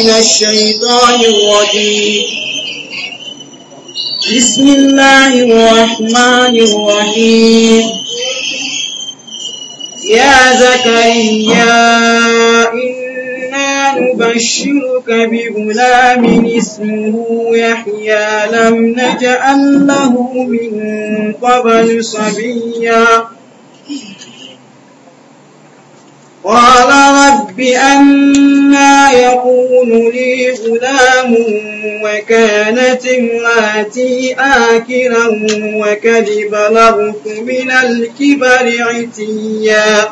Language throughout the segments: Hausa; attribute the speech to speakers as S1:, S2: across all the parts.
S1: من الشيطان الرجيم بسم الله الرحمن الرحيم يا زكريا إنا نبشرك بغلام اسمه يحيى لم نجعل له من قبل صبيا قال رب أنا يكون لي غلام وكانت امراتي آكرا وقد بلغت من الكبر عتيا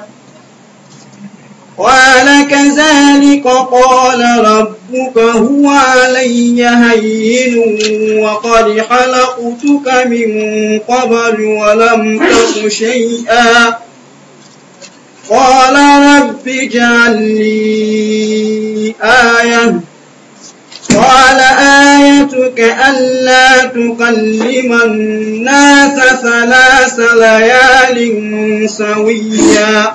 S1: قال كذلك قال ربك هو علي هين وقد خلقتك من قبل ولم تك شيئا قال رب اجعل لي آية قال آيتك ألا تكلم الناس ثلاث ليال سويا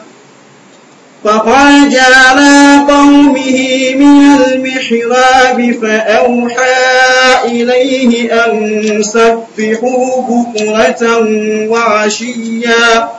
S1: فخرج على قومه من المحراب فأوحى إليه أن سبحوا بكرة وعشيا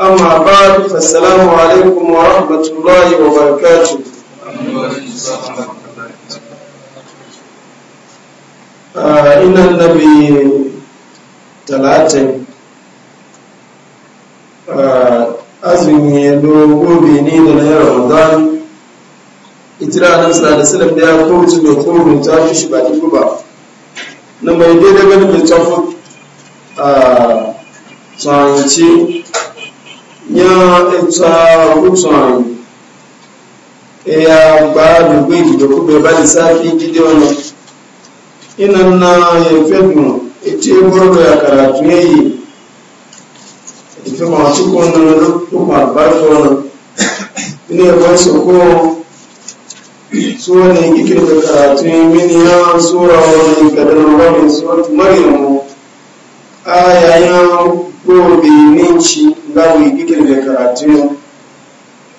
S2: أما بعد فالسلام عليكم ورحمة الله وبركاته إن النبي تلاتين أزمي ya gobe ne da na nan sa da salam da ya kowace mai kowace ta fi shi ba dubu na mai a tsanci nya etsa hutu anyi eya ya gbe ìdìdòkú bẹ bá ti sáfi jíde ọ̀nà Ị na efe dùn etí egbòrò àkàrà tún èyí ìfẹ́ màá tún kọ́ ọ̀nà ló pa àbáfẹ́ ọ̀nà ilé ẹ̀kọ́ ìsòkò sóòrè kíkiri a sóòrà ọ̀nà ìgbàdàn ọ̀rọ̀ mi sóòrè mọ́rin ọ̀hún ayayan gawo yi da karatu yau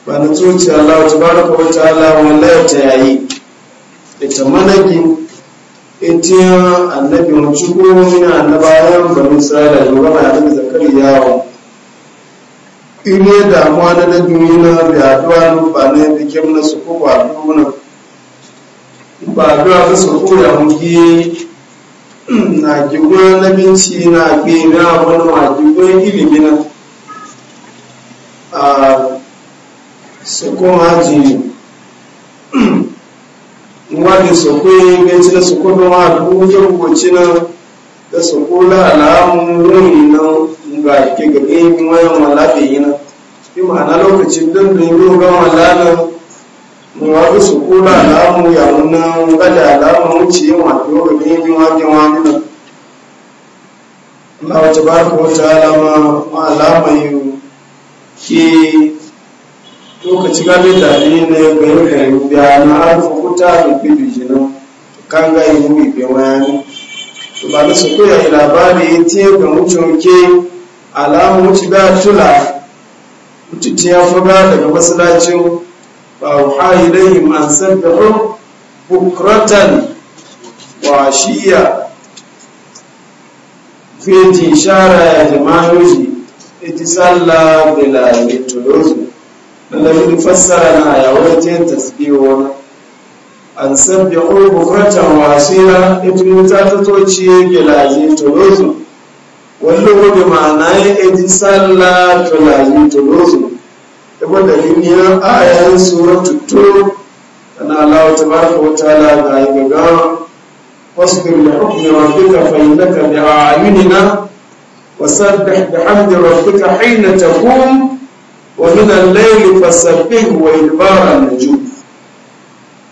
S2: ba na tsoci Allah ta baraka wa ta'ala wallahi ta yayi ita managi ita annabi mu ciko na annabawan bani Isra'ila da gaba da annabi yawo. wa ile damuwa na na duniya da addu'a ba ne da kem na su ko ba duniya ba addu'a ba su ko ya muke na giwa na binci na ke na wani sọ̀kọ́ àjìyàn wọ́n ti sọ̀kọ́ ẹgbẹ́ tí sọ̀kọ́ náà wà lówó tó gbogbo tí náà da sọ̀kọ́ láàláàmú náà ga gẹ́gẹ́ bí wọ́n wọn lábẹ̀yìn náà bí màánà lọ́kàtí dandan ló bá wọn lánà mo wá fi sọ̀kọ́ láàláàmú yàwó náà gbádà àláàmú ó ti wọn àti rẹ̀ ní bí wọ́n jẹ́ wọn nínú. Allah ta baraka wa ta'ala alama yau ke lokaci ga bai tare ne gari da biya na arfa kuta da bibi jina, kan ga yi mu ibe wani to ba su koya yi labari tiye ga mutum ke alamu wuce ga tula mutum ya fuga daga masalacin ba wuha ilayhim an sabbihu bukratan wa shiya fi tishara ya jama'oji ita sallah bila mitolozi lallai fassara na ya wajen tasbiwa an san da urbu kratan wasira ibn ta tato ciye gilaje tolozo wani gobe ma'ana ya eji sallah tolaje tolozo ibn dalilin ayayen suratu to ana wa ga واصبر لحكم ربك da بأعيننا وسبح بحمد ربك حين تقوم ومن الليل فسبح وإدبار النجوم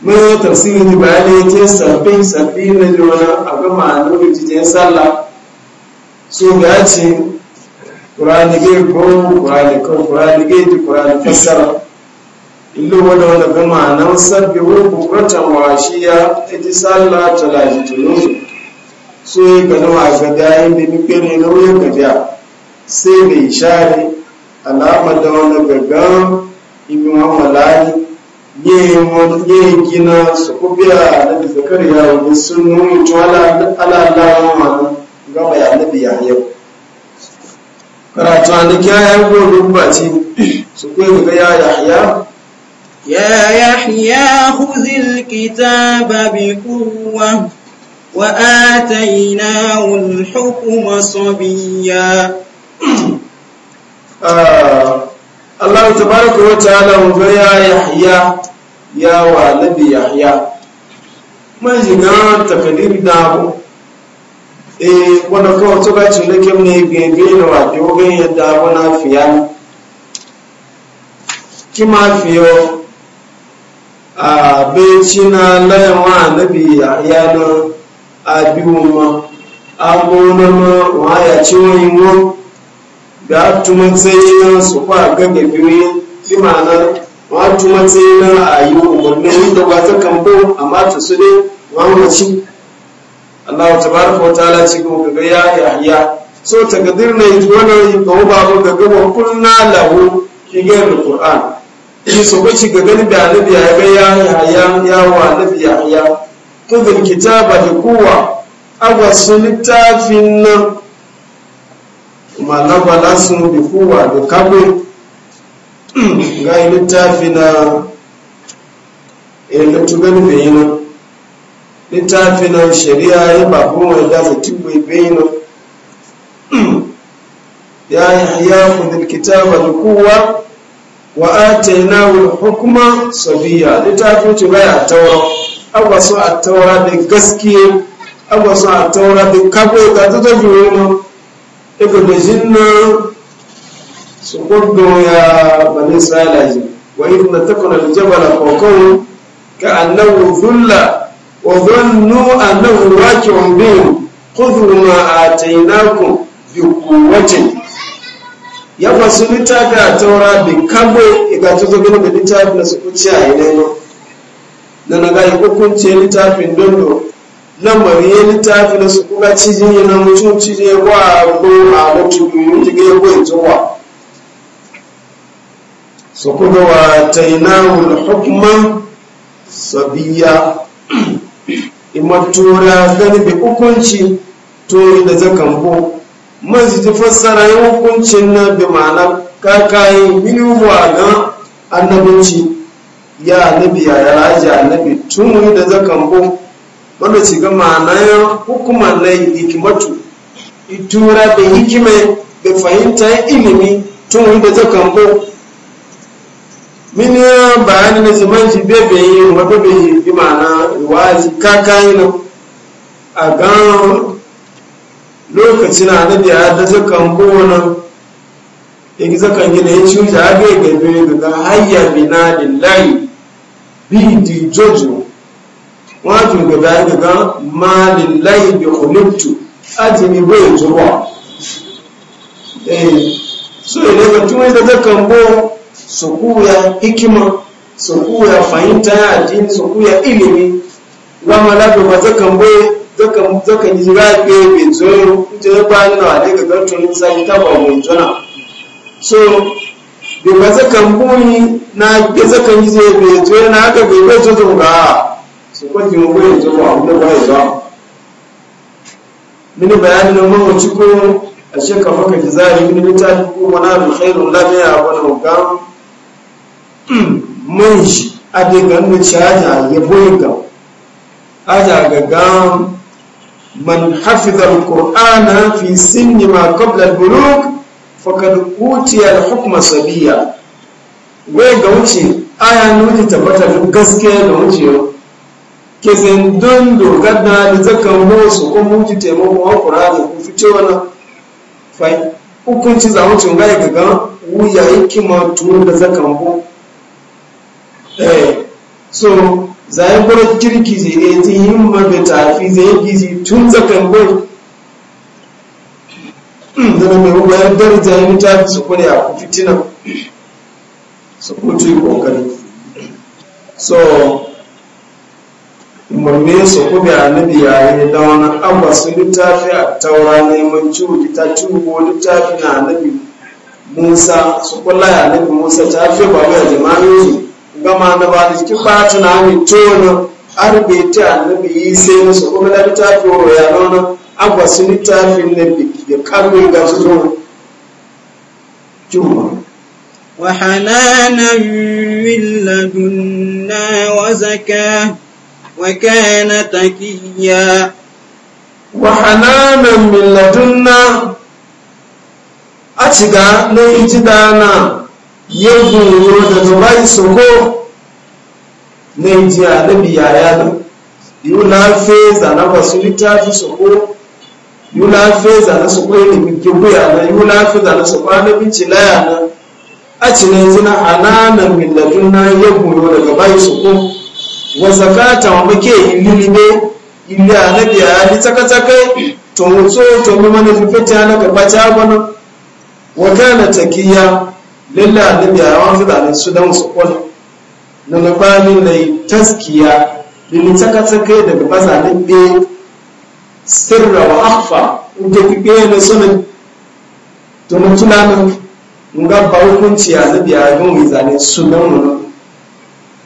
S2: mun tafsirin bayanai ce sabbin sabbi na jona a gama a lokaci ta sallah so ga ce ƙurani gai goma ƙurani kan ƙurani wani wani gama nan sabbi wani bukuratan washiya ta ji sallah ta laji tunu so yi ga nawa ga da ni kere na sai bai share alama da wani gaggawa ibi mamalari ne gina su kubiya na da Zakariya, ya wani sun nuna tuwala alala mamalu gaba ya nabi ya yau karatu an da kyayar gobe bace su kuwa daga ya
S1: yahya ya yahya huzil kitaba bi kuwa wa atainahu al-hukma sabiya
S2: Ah,
S1: Allah tabaraka wa wata ga ya
S2: Yahya ya wa nabi Yahya man jiga takdir da abu E wanda kawai to ba cin da kem ne gbegbe na wa to yadda abu na fiya ma fiyo a becina layawa nabi Yahya na na ma wa ya ci wani wani ga tumatsayi na su kwa gaga biyu bi ma'ana wa tumatsayi na a yi umarnin da wata ta kambo a mata su ne wa mace Allah ta baraka wa ta'ala ci ko gaga ya yahya so ta gadir ne yi ko ba ko gaga wa kunna lahu kigar alquran in so ko ci gani da annabi ya ga ya yahya ya wa annabi yahya to da kitaba da kuwa agwa wasu littafin nan malaba lasin da kowa da kabe ga yi littafi na eh, ilittu gani bayina littafi na shari'a ya ba kuma ya dafa tibbai bayina ya yi hayafu da kitaba da kowa wa atayna hukuma sabiya littafi ce baya taura agwasu a taura da gaskiya agwasu a taura da kabe ga ta tafi wani daga da jinnu su gudu ya bani salaji wa yi na takwana da jabala kokon ka annabu zulla wa zannu annabu wake yi. kudu ma a tainakun bi kuwacin ya fasu littafi a taura bi kabo iga tuzo gina da littafi na su kuciya a yi nema na na ga yi hukunci littafin dondo lambar ya littafi na su kuka cijin ya na mutum cijin ya kwa ko a mutum yi jiga ya kwa zuwa su kuma wa tainahul hukman sabiya imatura gani bi hukunci yi da zakan bo mazi ta fassara yi hukuncin na bi ma'anar kakayi miliyu a ga annabinci ya nabi ya raja annabi tun da zakan bo wanda ci ga ma'anayin hukumar na hikimatu itura da hikime da fahimta ilimi tun wanda ta kambo mini bayani na zaman ji bebe yi wata bai yi bi ma'ana wazi kakayi na a gan lokacin na da ya ta ta kambo na yake zakan gina ya wuce a bai gabe ga hayya bina lillahi bi di jojo wato gaba daga malin laibi kulittu ajini bai zuwa so ile ga tumai da zakan bo su kuya hikima su kuya fahimta ya addini su kuya ilimi
S1: gama lafi ba zakan
S2: bo zakan zakan ji ba ke bai zuwa je ba na da ga gartun sai ta ba mai jona so bai ba zakan bo ni na ke zakan ji bai zuwa na ga bai bai zuwa sokwa ki mo koyi zo wa mu ba ya mini bayanin nan mun ci ko a shekka maka jizari mini mutane ko wana bi khairul lamiya wal gam mun shi adiga mu chaja ya boyga aja ga ga, man hafiza alqur'ana fi sinni ma qabla albulug faqad utiya alhukma sabiya wai ga wuce aya wuce tabbata gaskiya da wuce. kezen dondo gadda da zakan boso ko mun ji wa qur'ani ku fito wannan fai ukunci za mu tunga ga uya wuya yake da zakan eh so zai gore kirki zai ne ji himma da tafi zai gizi tun zakan bo zana mai ruwa ya darja ya mita su kone a ku fitina su kutu kokari so umarni su ku da annabi yayin da wani abba su littafi a taura neman ciwo ta ciwo littafi na annabi musa su kula ya annabi musa ta fi ba mai jima'in gama na ba da cikin na tunani tono arbe ta annabi yi sai na su kuma littafi wa ya nuna abba su littafi na biki da karbe ga su zo
S1: juma وحنانا من لدنا وكان تكيا وحنانا من لدنا
S2: أتقى نيجدانا يبني ودتبعي سكو نيجي أدبي يا yula feza na basulitafi soko yula feza na soko ne kibuya na yula feza na soko na bincilaya na a cikin zina hananan milladun na ya goyo daga bai soko wa zakata wa muke ililibe inda anabi ya ni takataka to so to mu mana fita na ka bata bana wa kana takiya lalla anabi ya wa fi da su dan su kwana na labani ne taskiya ni takataka daga bazanin be sirra wa akhfa inda be ne sunan to mun tunanin mun ga ba hukunci anabi ya ga mu zane sunan mu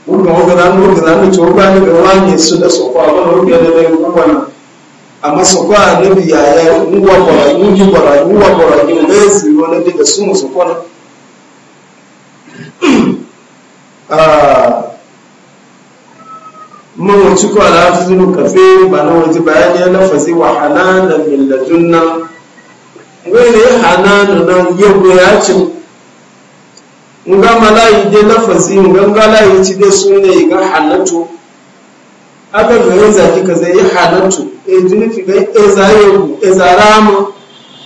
S2: wanda wanda za mu ga zamu ci wanda ne ga ne su da sokwa ba na rubiya da mai kuma na amma sokwa ne biya ya ruwa bara ruwa bara ruwa bara ne ne su wani da su mu sokwa na ah mun ci ko ala fuzulu kafe ba na waje bayani na fasi wa hananan min nan wani ne hananan nan yau ya ce nga malayi de lafazi nga malayi ci de sunne ga halatu aka ga yin zaki ka zai halatu e jini fi gai e zayo e zarama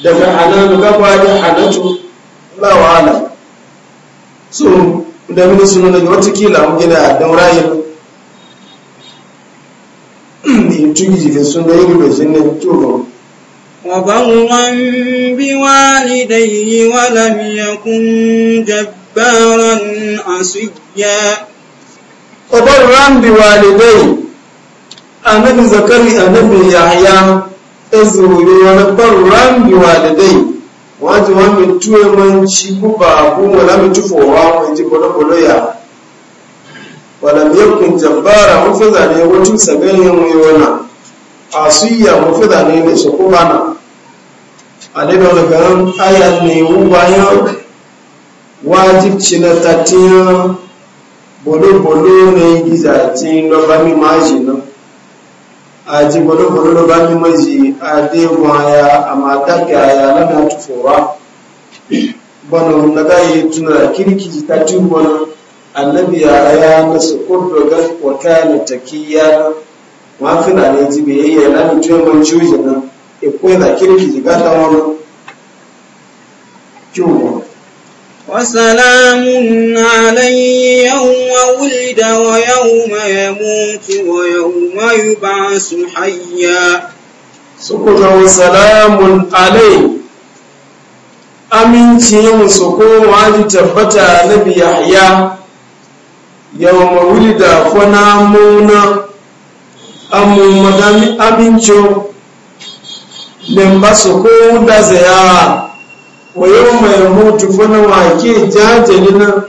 S2: daga halatu ga ba da halatu la wala so da mini sunna ga wata kila mu gina dan rayin in tuji da sunne yi ga jinne to
S1: وبرا بوالديه ولم يكن جبارا جبارا عصيا وبرا بوالدي annabi zakari annabi
S2: yahya ezuri wani barran bi walidai wajen wani tuwe manci guba abu wani mai tufowa mai ji bolo-bolo ya Wani mai Kun jambara mafi zane wacin sagayen mai wana a suya mafi zane da shakubana a daga wani garin ayan ne bayan wajibci cina tatiya bolo-bolo na yi gizaci lobami maji nan a ji bolo-bolo ma ji, a dewa waya, a mataki a yana na tufora bana na gaye tuna kirkiji ta tuwa annabi ya ya na sukur da wata na takiya na mafina ne ji yi biyayya na mutuwa
S1: manci wujen nan ikwai na e kirkiji gata wani kyau وسلام عليه يوم ولد ويوم يموت ويوم يبعث حيا سكوت وسلام عليه
S2: amincin su kowa ji tabbata na biyayya yau mawuli da kwana muna amin madami amincin limba su kowa da ziyara wa yau mutu fana wake jajali na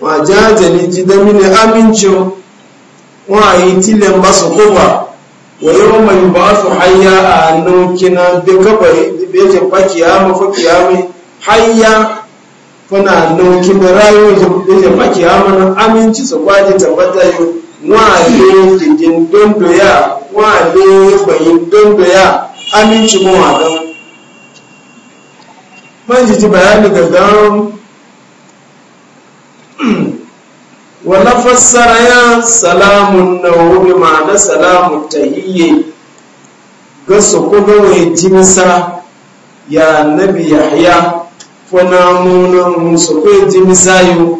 S2: wa jajali ji da mini amincin wa yi tilin ba kuma mai ba su hanya a hannun kina kaba yake fakiya mafakiya mai hanya da yake fakiya mana aminci su kwaji tabbata yau wa dondo aminci mawa don man ji bayani ga gan wala fassara ya salamun nawo ma na salamun ta tahiyye ga su kuma wai jimisa ya nabi ya haya muna musu kwe jimisa yo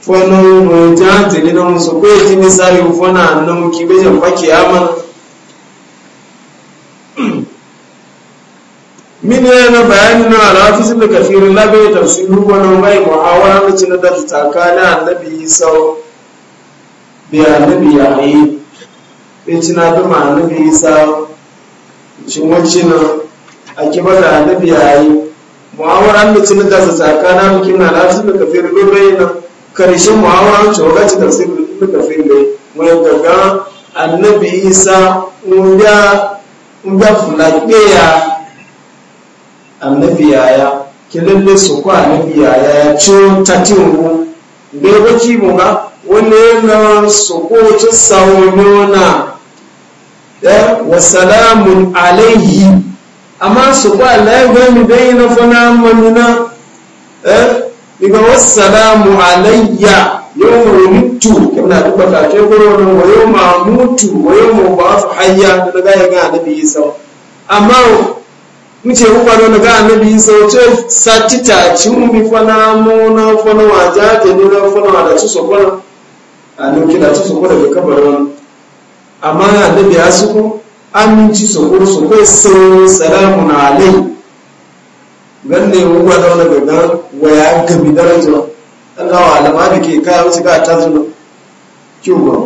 S2: fona mu jantili na musu kwe jimisa yo fona nan kibe mana min yana bayani na alhafiz da kafirin labe wani mai muhawara na cin da tsakanin annabi isa da annabi yayi in cina da ma annabi isa cin wacce na a kiba da annabi yayi muhawara da cin da tsakanin kin alhafiz da kafirin labe na karshen muhawara da kafirin labe mai daga annabi annabiyaya ki lalle su ku annabiyaya ya ci ta tinwo da ya baki mu ga wani yana su ku ci saunona da wa alaihi amma su kwa alaihi gani bai na fana manuna daga wassalamu alayya yau mutu kamar da baka ce goro nan wayo ma mutu wayo yau ba su hayya da daga ga annabi isa amma muce kukwano daga annabi sauce satita ci mu bi fana mu na fana wa jaje ni na fana wa da su sokona a nan kina ci sokona da kabarin amma annabi ya suko aminci sokor sokor sai salamu na alai ganne kukwano daga ga waya gami daraja Allah wa alama da ke kaya musu ga tazuna kyuwa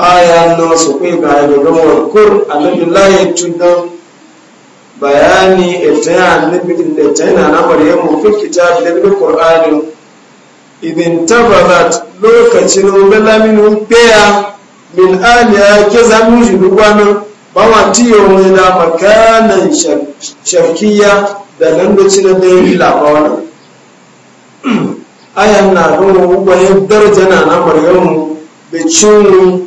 S2: aya na su kai ga da warkur kur annabi layin tunan bayani ita irtaya annabi da tana na maryamu fi kitab da bi qur'ani idin tabarat lokacin balamin biya min aliya ke zamu shi dukwanin bawa tiyo mai na makanan sharkiya da nan da cinan da yi labarin ayan na nuna bayan darjana na maryamu da cinu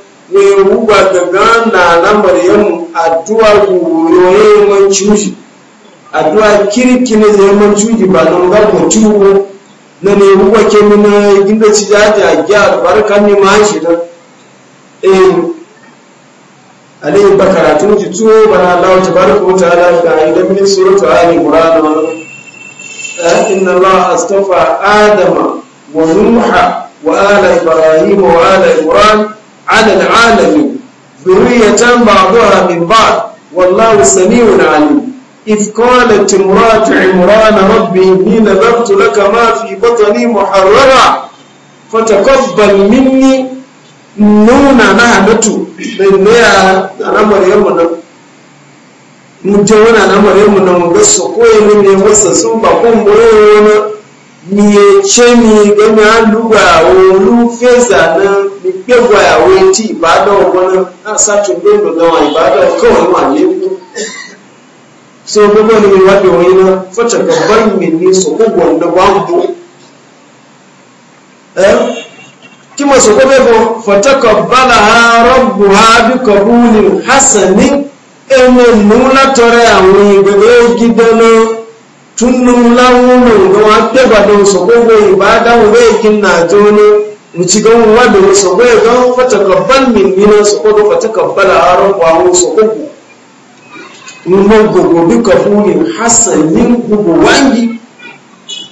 S2: ne wuba daga na lambar maryamu addu'a yoye man cuji addu'a kirki ne zai man cuji ba don ga ko cuwo na ne ruba ke mina ginda ci jaja ya albarka ne ma shi da eh alayhi bakaratu ji tuwo na Allah tabaraka wa ta'ala da idan min suratu ali imran wa eh, inna Allah astafa adama wa nuha wa ala ibrahim wa ala ibrahim على العالم ذرية بعضها من بعض والله سميع عليم إذ قالت امرأة عمران ربي إني نذرت لك ما في بطني محررا فتقبل مني nuna na من نيا nuna a من yamma nan mutum من بس قوي مني وسسوبا قوم su miyecemi gẹ́gẹ́ alúgbà olúfẹ́sà náà ní gbẹ́gbà ìyàwó etí ìbádọ́ wani náà náà sátún gbẹ́gbà náà ìbádọ́ kọ́wọ́n wà léwu so gbogbo ni wọ́n bí wọ́n yíná fọ́tàkà báyìí mi ní sọ́kọ́gbọ̀ ńdọ́gbà ń bọ́ ẹ́ kí mo bala ha rọ́bù ha bi kọ̀bú ni hasan ní ẹnu nù látọ̀rẹ́ àwọn gidan tunnun launin ga wadda ba da wasu gogo ibada wa zai kin na jono mu ci gan wa gogo gan fata kabbal min nina su kodo fata kabbala a ran kwawo su gogo mun gogo bi kafunin hasanin gogo wangi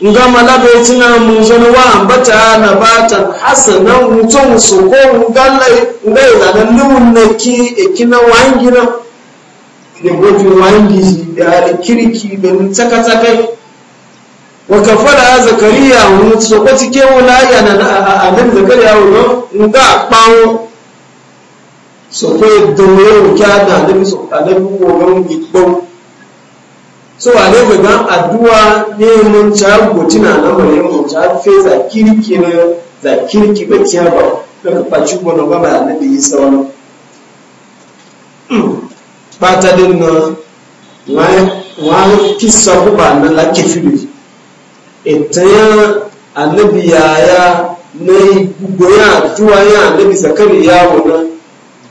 S2: nga malabe tina mun zo wa ambata na batan hasanan mutum su gogo galle ngai da nan nun ki ekina wangira da gojin wangi da kirki da tsaka-tsakai waka fara zakariya mu so ko cike wala yana na adam zakariya wo no ga pawo so ko doye o kya da da so adam ko so ale ga ga addu'a ne mun ta na bare mu ta fe zakirki kirki ne za ba ciya ba daga faci ko ba ba na da yi sawana bata din na wani kisa kuba na lake fili ita ya annabi yaya na goya tuwa ya annabi zakari ya wuna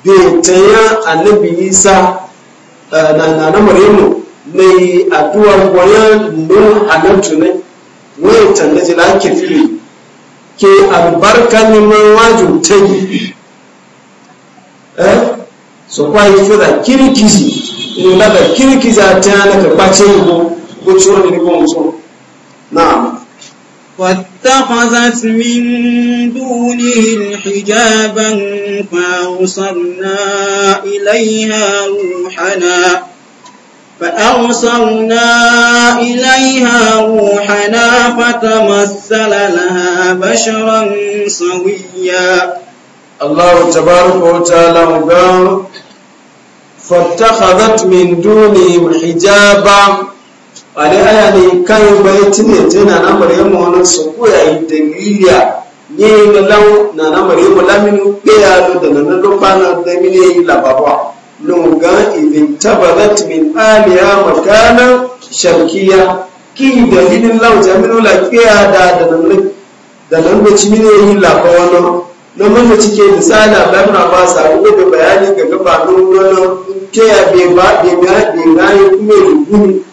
S2: da ita ya annabi isa eh, na na marino na aduwa goya nun annabtu ne wani ita na jila ke fili ke albarka neman wajin ta yi eh so kwa hivyo za kirikiji ni labda kirikiji atana kapache ngo kuchura
S1: ni ngo mzo naam واتخذت من دونهم حجابا فأرسلنا إليها روحنا فأرسلنا إليها روحنا فتمثل لها بشرا سويا Allah tabaraka wa ta'ala ga
S2: fattakhadat min dunihim hijaba wani aya ne kai bai tine tana na maryamu wannan su ko yi daliliya ne na law na na maryamu laminu ya da na na bana da mine yi lababa lunga idin tabadat min aliya makana sharkiya ki dalilin lau jaminu la da da na da nan mini cimine yi lababa wannan na maka cike misali abin ba sa kuma da bayani ga gaba don wani kaya bai ba bai ba bai ba ya kuma ya gudu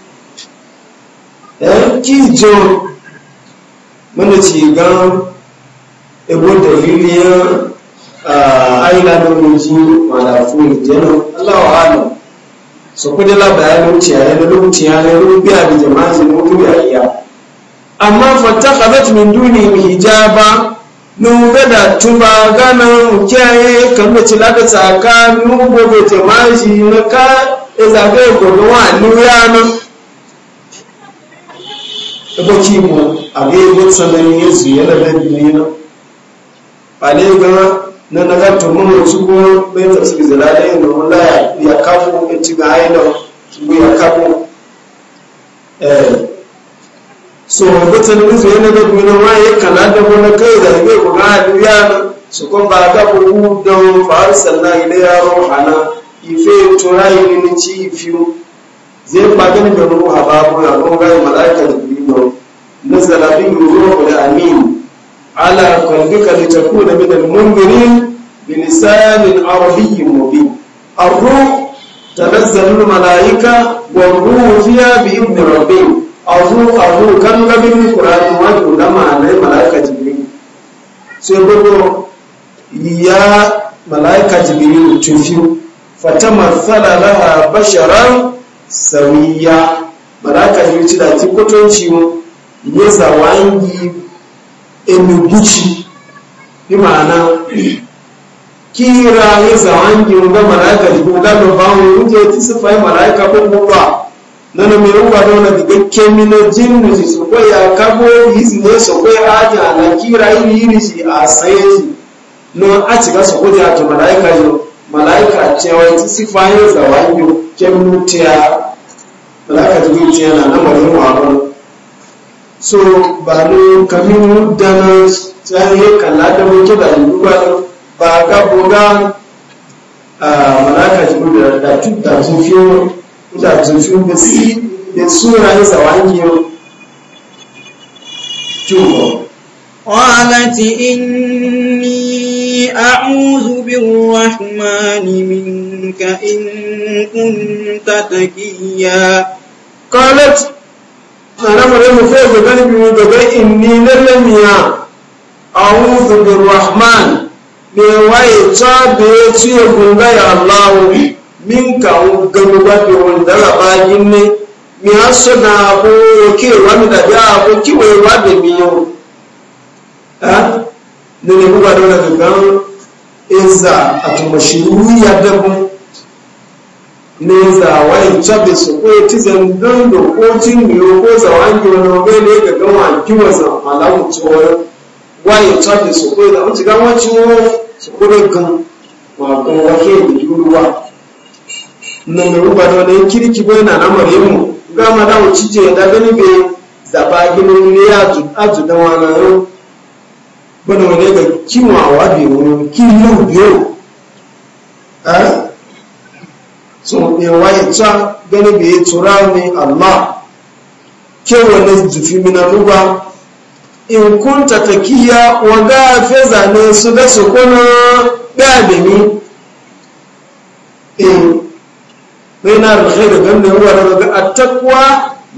S2: ɗan eh, jo mana ci gan ebo da filiyar aila da mulki malafun jana Allah wa ala so ko da bayani wuce ya da lokaci ya ne rubiya da jama'a ne mutu ya iya amma ni min duni hijaba numbe da tuba ganin kyaye kamar cila da tsaka nubo da temaji na ka ezabe gobe wa nuya nan ebo kibo abe ebo tsanani yesu yana da biyu na ale ga na naga tumu mu sugo be ta su zalale da la ya kafo e ci ga haina aida ya kafo so mutum nufi yana da guna ma ya kana da wani kai da ya ku ga duniya na su ko ba ka ku don fa ya ilayya hana ife turai ne ni ci fiye? zai ba ga da ruha ba ko ya ko ga malaka da biyu nazala bi ruhu da amin ala qalbika litakuna min al-munzirin bi lisanin arabiyyin mubin ar malaika تنزل الملائكة والروح فيها بإذن ربهم azu azu kan ga bin qur'ani wa ku da ma ne malaika jibril sai gogo ya malaika jibril tufiu fatamathala laha basharan sawiya malaika jibril ci da ti kotonci mu ya zawangi emuguchi bi ma'ana kira ya zawangi ga malaika jibril da ba mu je ti sifai malaika ko ba nana mai ruwa da wani cikakken minojin da shi sokwai a kabo ne sokwai ajin alakira iri iri shi a saye shi non a cika sokwai a to malaika yau malaika cewa ita sifa yin zawan yau kemnu tiya malaika ta gudu tiya na lamarin wa so ba no kamin dana tsaye kalla da mutu da ruwa ba ga boga a malaika ta gudu da tuta da juju ba si da sunayen zawangi
S1: yau kyuwa قالت إني أعوذ بالرحمن منك إن كنت تكيا قالت أنا مريم فوق بني بمدبي إني للميا أعوذ
S2: بالرحمن بواي تابي تيبون الله min kawo gano ba bi wanda raba yin ne mi a suna ko yoke wani da e ya ko kiwaye wa da mi yau ha ne ne kuma da wani gagan eza a tumashiru ya dabu ne za wani cabe su ko ya e ci zandon da ko jin miyo ko zawangi wani ogai ne ga gawa kiwa za alamu tsoron wani cabe su ko ya e zamanci gawa ciwo su ko da gan wakon wake da duruwa nanga ruba da wani kirki bai na na mu gama da wuce ce da gani bai zaba ginin ne ya ju da wani ro bana wani ga kima wa bi wani kin yau biyo a so e wai ta gani bai tura ni allah ke wani jufi mina ruba in kunta takiya wa gafe zane su da su kuna gadami baina al-khayr wa al-dhanbi wa ar-ragba at-taqwa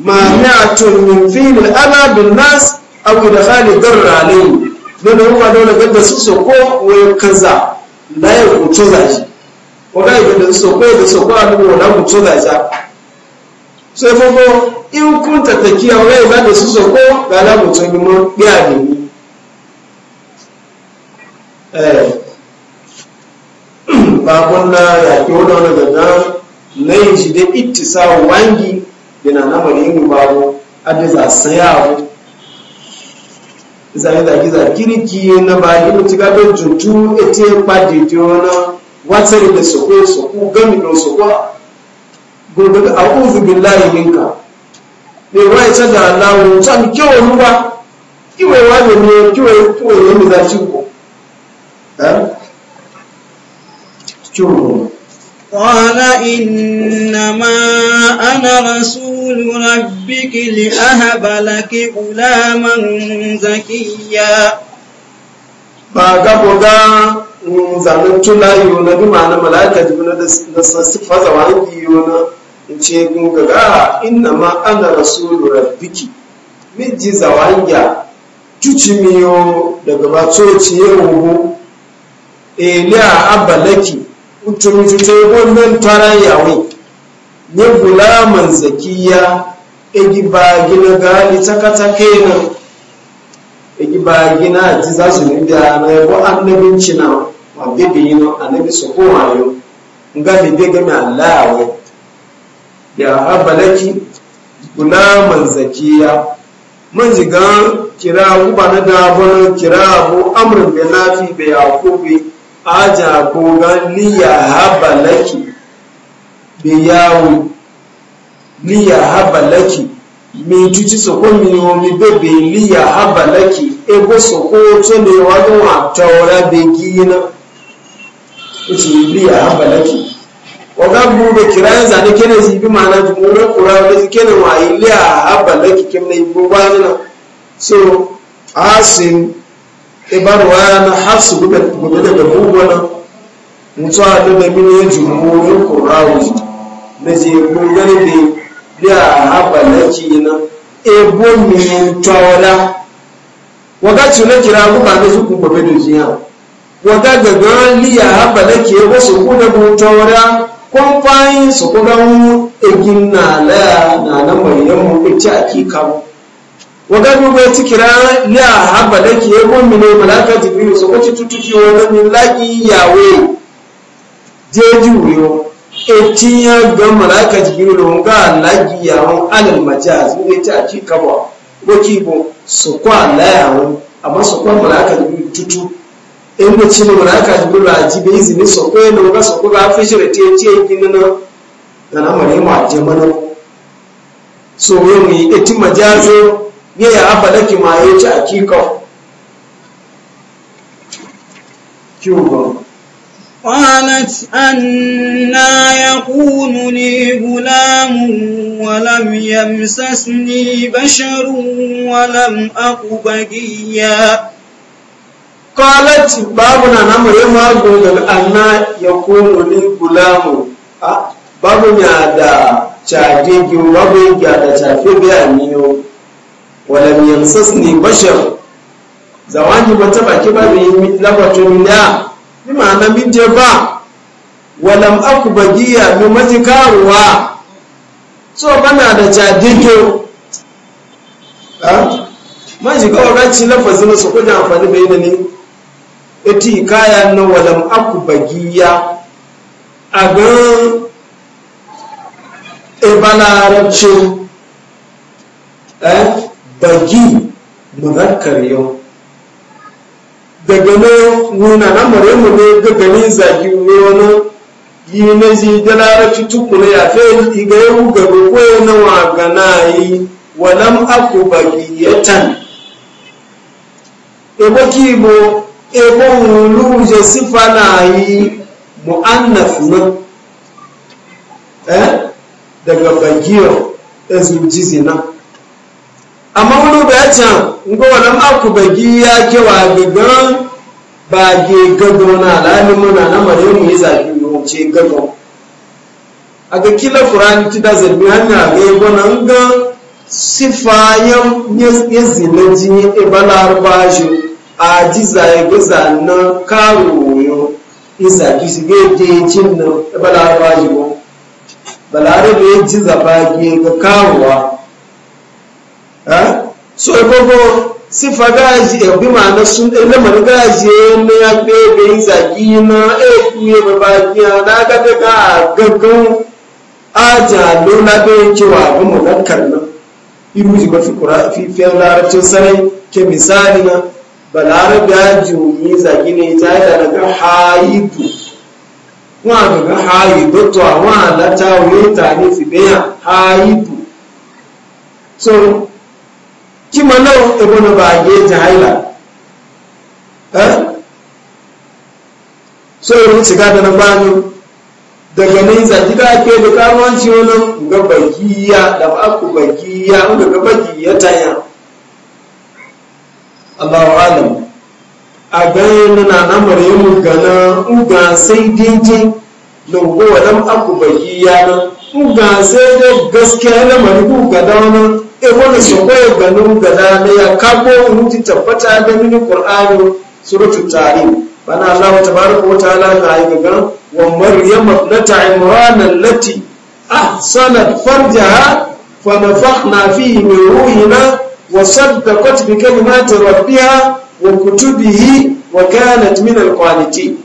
S2: ma'natun min fil ana bil nas aw idkhali darra li dana huwa dawla gadda sosoko wa kaza la yakutu zaji wada gadda sosoko da sosoko an huwa la kutu zaji sai fofo in kun ta takiya wa yi gadda sosoko ga la kutu ni mu biya ni eh ba ya ki wada wada Na yin shi da ittisa wangi yana na marinu babu adiza sayawo yi. da giza kirki na bayi da tiga don tutu ete padidi ona watsari da soko soko gami da soko gobe da a'udhu billahi minka ne wai ta da Allah ta mi kewo ruwa kiwe wa ne kiwe kiwe ne mi za shi ko eh kiwo
S1: قال إنما أنا رسول ربك لأهب لك غلاما زكيا bagaboga
S2: mm, zanen tula yiwu na duma na malaka
S1: jimina da
S2: sassi faza wani yiwu na ce gungaga inna ma ana lura rabbiki miji zawanya cuci miyo daga ya eliya abalaki mutumtutu wannan tara yawon ne gulaman zakiya egibagi na gali takatake na egibagi na ji za su nufi a na yabo annabin cina wa bebe yi na annabi su kowa yau nga gami game allawa ya habalaki gulaman zakiya mun ziga kira uba na dabon kira abu amurin bai lafi bai yakubi aja koga niya haba laki bi yawo niya haba laki mi tuti soko mi o mi bebe niya haba laki ebo soko to ne wajen atawara begi na ita niya haba laki waga bube kirayen zane kene zibi mana jumurar kura wani kene wa ile a haba laki kemna ibo ba na so asin ibaru na hafsu gobe daga gugwana mutu a ta da mini ya jumhurin kurawu na je gungare da biya haɓa laki na ebo min tawala wakati na ma na zuku gobe da jiya wata gaga liya haɓa laki ya egin na laya na wagadu bai ci kira ya haba da ke yabon mine malaka jibiru su kwaci tutuki wani milaki yawe jeji wuyo etin ya ga malaka jibiru da wanga lagi yawon alal majaz ne ta aki kaba waki bo su kwa layawon amma su kwa malaka jibiru tutu in e da cin malaka jibiru a ji bai izini su kwa yana wanga su kwa ga fi shirya ta yi ce gina na da na marima a jamanin so yau mai etin majazo ye ya afada ki ma ye ci akiko
S1: kiwo قالت أنا يكون لي غلام ولم يمسسني بشر ولم أق بغيا قالت بابنا نمر ما قول أنا يكون لي غلام
S2: بابنا دا شادي جوا بيجا دا شافي بيا نيو walam yamsasni بشر زواني bata baki ba bi labato mina bi ma'ana min je ba walam aku so bana da jadike man shiga wa gaci lafazin su kuja amfani bai da ni eti kaya na walam aku bagiya a gan eh bagi muzakkar yau daga ne nuna na maremu ne daga ne zagi wani yi na ji da larabci tukuna ya fe iga yau ga ko na wagana yi walam aku bagiyatan ebo kibo ebo wulu je sifa na yi mu'annaf na eh daga bagiyar ezujizina amma wani bayan ngo wala ma maku bagi ya ke wa gigan ba ke gado na alamin muna na marimu ya zafi mu ce gado ga kila qur'ani ti da zabi hanya ga gona nga sifa ya ya zinaji e balar bajo a ji zai ga zanna karo ya zafi su ga je cin na balar e ba balare ya ji zaba ge ga kawowa ebogo sifa gaji ebi mana sun e lamarin gaji e na ya bebe yi zagi na e ba babaki na ga a daga gaggan aja lola bai cewa bi munakkar nan iru ji ba fi kura fi fiyan larabcin sarai ke misali na balarabe ya jumi zagi ne ta yi da daga haidu wọn àgbàgbà haidu tó àwọn àlátà orí fi fìbẹ́yà haidu so kí ma náà ẹgbọ́n baage bá yé jàáìlà so ci e shiga da na bani daga ki ga ke da karuwanci wani ga bagiya da ba ku bagiya wanda ga bagiya ta yi Allahu alam a bayan na namar yi mu gana uga sai daidai lungu wa lam aku bagiya na uga sai da gaskiya na mariku ga wani. Eh, wani koya ganin gada na ya kabo hutu tabbata da mini ƙur'ani suratul tarihi bana Allah tabaraka wa ta'ala ga yi gagan wa maryam ibnata imran allati ahsanat farjaha fa nafakhna fihi min ruhina wa saddaqat bi kalimati rabbiha wa kutubihi wa kanat min alqanitin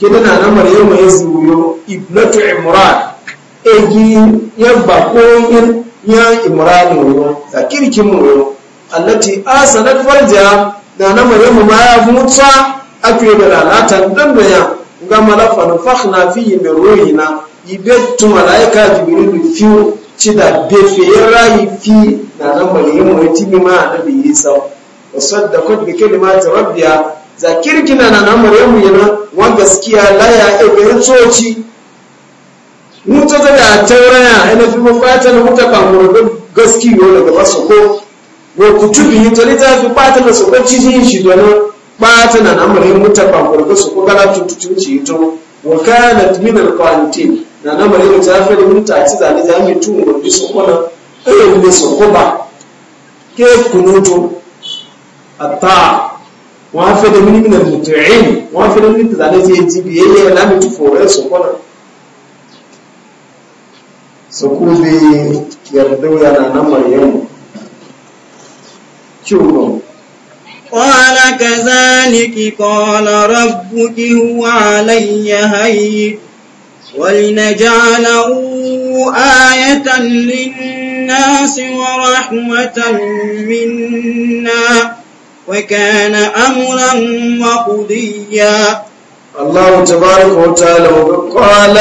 S2: kidana na maryam yazuyo ibnatu imran egi yabba ko ya imrani wuyo da kirkin wuyo allati asanat farja da na mu ma ya mutsa afiye da lalatan dan da ya ga malafa na fakhna fihi min ruhina ibettu malaika jibril fiu cida befe rayi fi na na mu ya tibi ma annabi isa wa saddaqat bi kalimati rabbiya za kirkina na na mu yana wa gaskiya la ya ebe tsoci mutu ta da tauraya ina fi mafata na muka kamar don gaskiyo daga masu ko wa kutubi yi tori ta fi bata da su kwanci jin shi domin bata na namarin muta kamar don su ko gara tuntun ci to wa kana min alqantin na namarin ta fi da muta ci zane za mu tun gurbi su ko na ɗaya ne su ko ba ke kunuto atta wa fi da min min almuta'in wa fi da min ta zane zai ji biyayya na mutu fore su ko na su kube yardau yana nan maryamu kyugon
S1: قال كذلك قال ربك هو علي هين ولنجعله آية للناس ورحمة منا وكان أمرا مقضيا الله تبارك
S2: وتعالى قال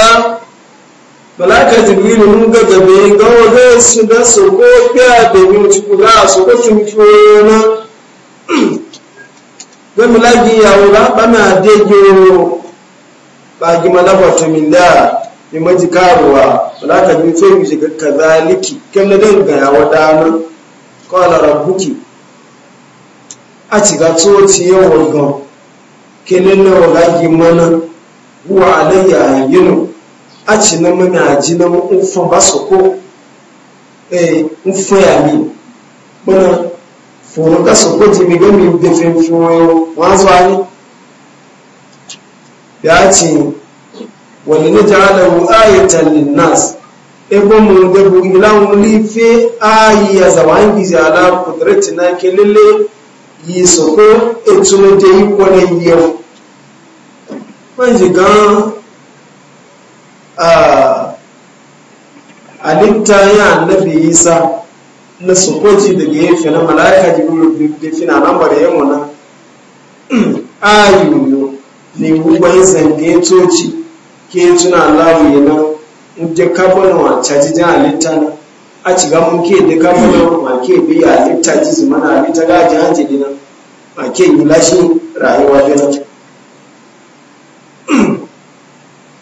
S2: malaka jibrilu mun ga gabe ga waje su da su ko biya da mu ci kula su ko tun na ga malaki ya wura bana de gero ba gi malaka to min da ni maji karuwa malaka jibrilu sai mu shiga kazaliki kalla dan ga ya wada mu qala rabbuki a ci ga tsoci yawan gan kelele wa lagi mana huwa alayya yinu a ci na mana ji na mufan ba su ko eh mufan ya mi bana foro ka su ko ji mi ga mi de fe fo wa zo ani ya ci wani ne ta da mu ayatan linnas ebo mu da bu ilahun li fe ayi ya zaman gizi ala na ke lele yi su ko etuno de yi ko ne yi yau. Wọ́n gan Ah, alitta ya annabi isa na sokoci daga yafe na mala'ika jibiru da fina nan ba da yamma na ayyuyo ne gugun zange toci ke tuna lawo yana je kafin wa cajijin alitta na a ci gamun ke da kafin wa ke biya alitta ji su mana halitta gaji hajji dina ma ke yi lashe rayuwa dina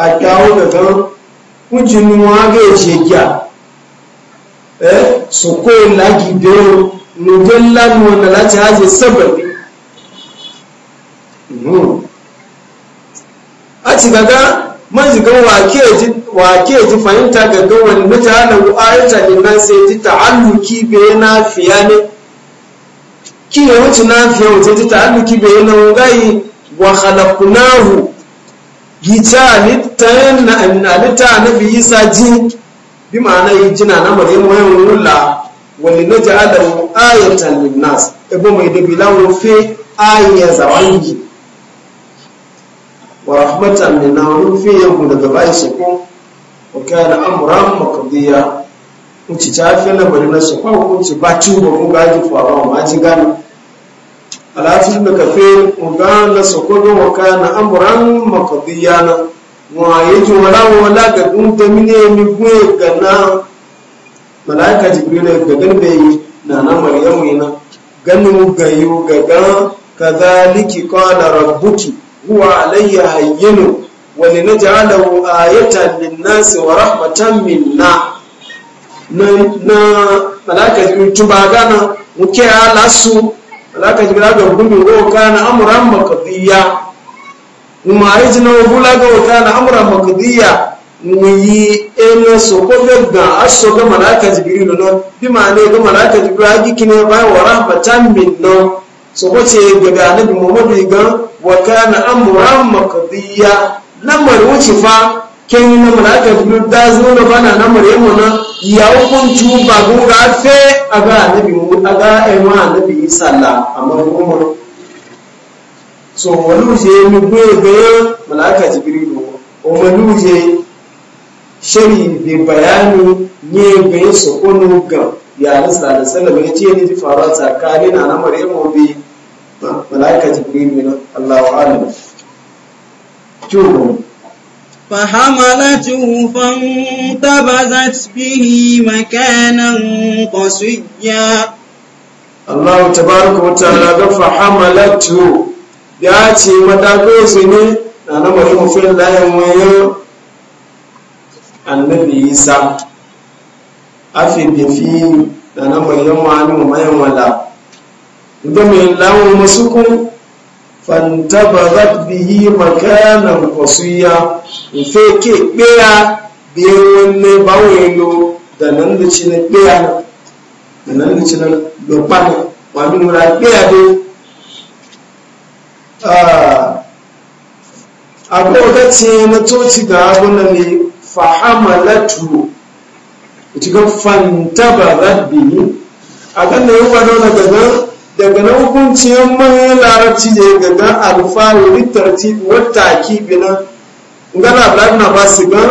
S2: a kankan wọ́n ti nu wọn ya ce jà ẹ́ su koyi laki nùgbẹ́ ńlá lami wanda lati haji ájẹ no a ci gaga manzigan wake ji fahimta gaga wani mutane ayata ne na sai ji alluki bai na fiya ne ki ya wuce na fiya wuce ji alluki bai na wugayi wa halakunahu gita littayen na aminalita na biyi saji bi ma'ana yi jina na maryamu wayan wula wani na ji adam ayatan linnas ebe mai da bilan rufe ayya zawangi wa rahmatan min na rufe yanku daga bayan su ko wa kana amran maqdiya uci ta fi na bari na su ko uci ba tuba ko gaji faruwa ma ji gano alatun da kafe ugana sokodo waka na amuran makadiyana wa yi jumala wala ga gunta mine mi gwe gana malaka jibril ga gan yi na na maryamu ina ganin gayu gaga kadhaliki qala rabbuki huwa alayya hayyinu wa linaj'alahu ayatan lin-nasi wa rahmatan minna na malaka malaika jibril tubagana muke alasu alaka jibira ga gumi ko oh, kana amran maqdiya kuma ajina wa bula na oh, kana makadiyya mu yi ene so ko ga aso ga ah, malaka jibril no bi ma ne ga malaka a ah, gi kine ba wa rahmatan min no so ko ce ga annabi muhammadu ga wa kana makadiyya na lamar wuce fa yi na malaka jibril da zo na bana na maryamu na ya hukunci ba gura fe a ga annabi mu a ga ayyuwa annabi isa la amma umar so wani je mi gbe ga malaka jibrilu o wani je shari bi bayani ne ga yin sokonu ga ya nasa da sallama ya ce ni ji a tsakanin na maryamu bi malaka jibrilu na allahu
S1: alam kyau فحملته فانتبذت به مكانا قصيا الله تبارك وتعالى فحملته ya ce
S2: matakosu ne na na bari mafin layan wayan annabi isa afi bifi na na bari mayan wala da mai lawan masu kuma fantabazat bihi makanan kwasuya fe ke ɓeya biyan wani bawo lo da nan da ci na ɓeya da nan da ci na lokpana wani mura ɓeya do ah, abuwa ta ce na toci ga abuna ne fahamalatu ita ga fantabazat bihi a kan da yi wadanda daga daga na hukuncin manyan larabci da ya alfa alfaru littarci wata kibi na gana abu na ba su gan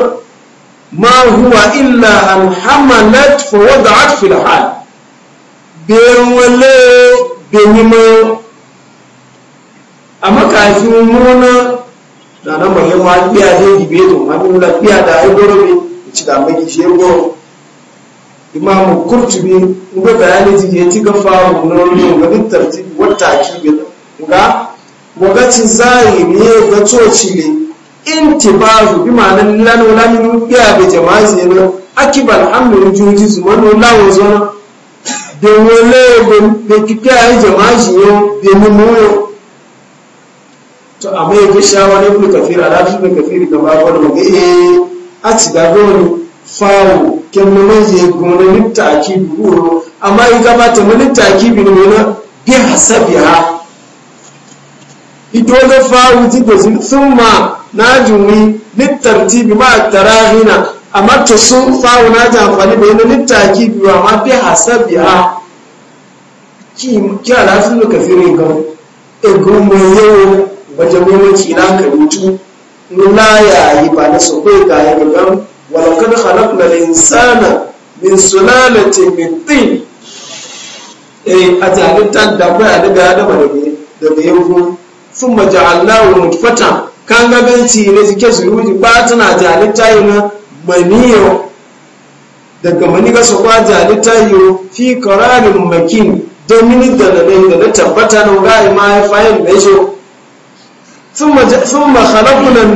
S2: ma huwa illa an hamalat fa wadda a fi hal bayan wale benimo a makafin murna da na mahimmanci biya zai gibe to ma dole biya da ya goro ne ci da mai gife goro imamu kurtubi ga bayani jike ti ga faru na wani ganin tartibi wata ki ga wagacin zahiri ya ga coci ne intibazu bi ma'anar lano laminu ya bi jama'a ne na akibal hamdul juji zumanu lawo zona da wale da kika yi jama'a shi yau da nimoyo to amma ya fi shawarar ibn kafir a lafi ibn kafir da ba wani magaye a ci da gani fawo kemne zai gona a kibi goro amma yi kamata mu litta kibi ne na bi hasabi ha ito da fawo ti da ma na jumi littartibi ma hina amma ta sun fawo na ta amfani da yana litta akibi ba ma bi hasabi ha ki ki ala sun ka fire ga ego mai yawo wajen mai na karutu nula yayi ba na so ga ga yayi ولقد خلقنا الإنسان من سلالة من طين إيه أتعلم تندبع نبي آدم daga yanku sun maja'allahu mutfata kan gaganci ne suke suruji ba tana jalita yi na maniyo daga mani ga sokwa jalita yi fi kararin makin domin da na da na tabbata na ga ma ya fayin da sun ma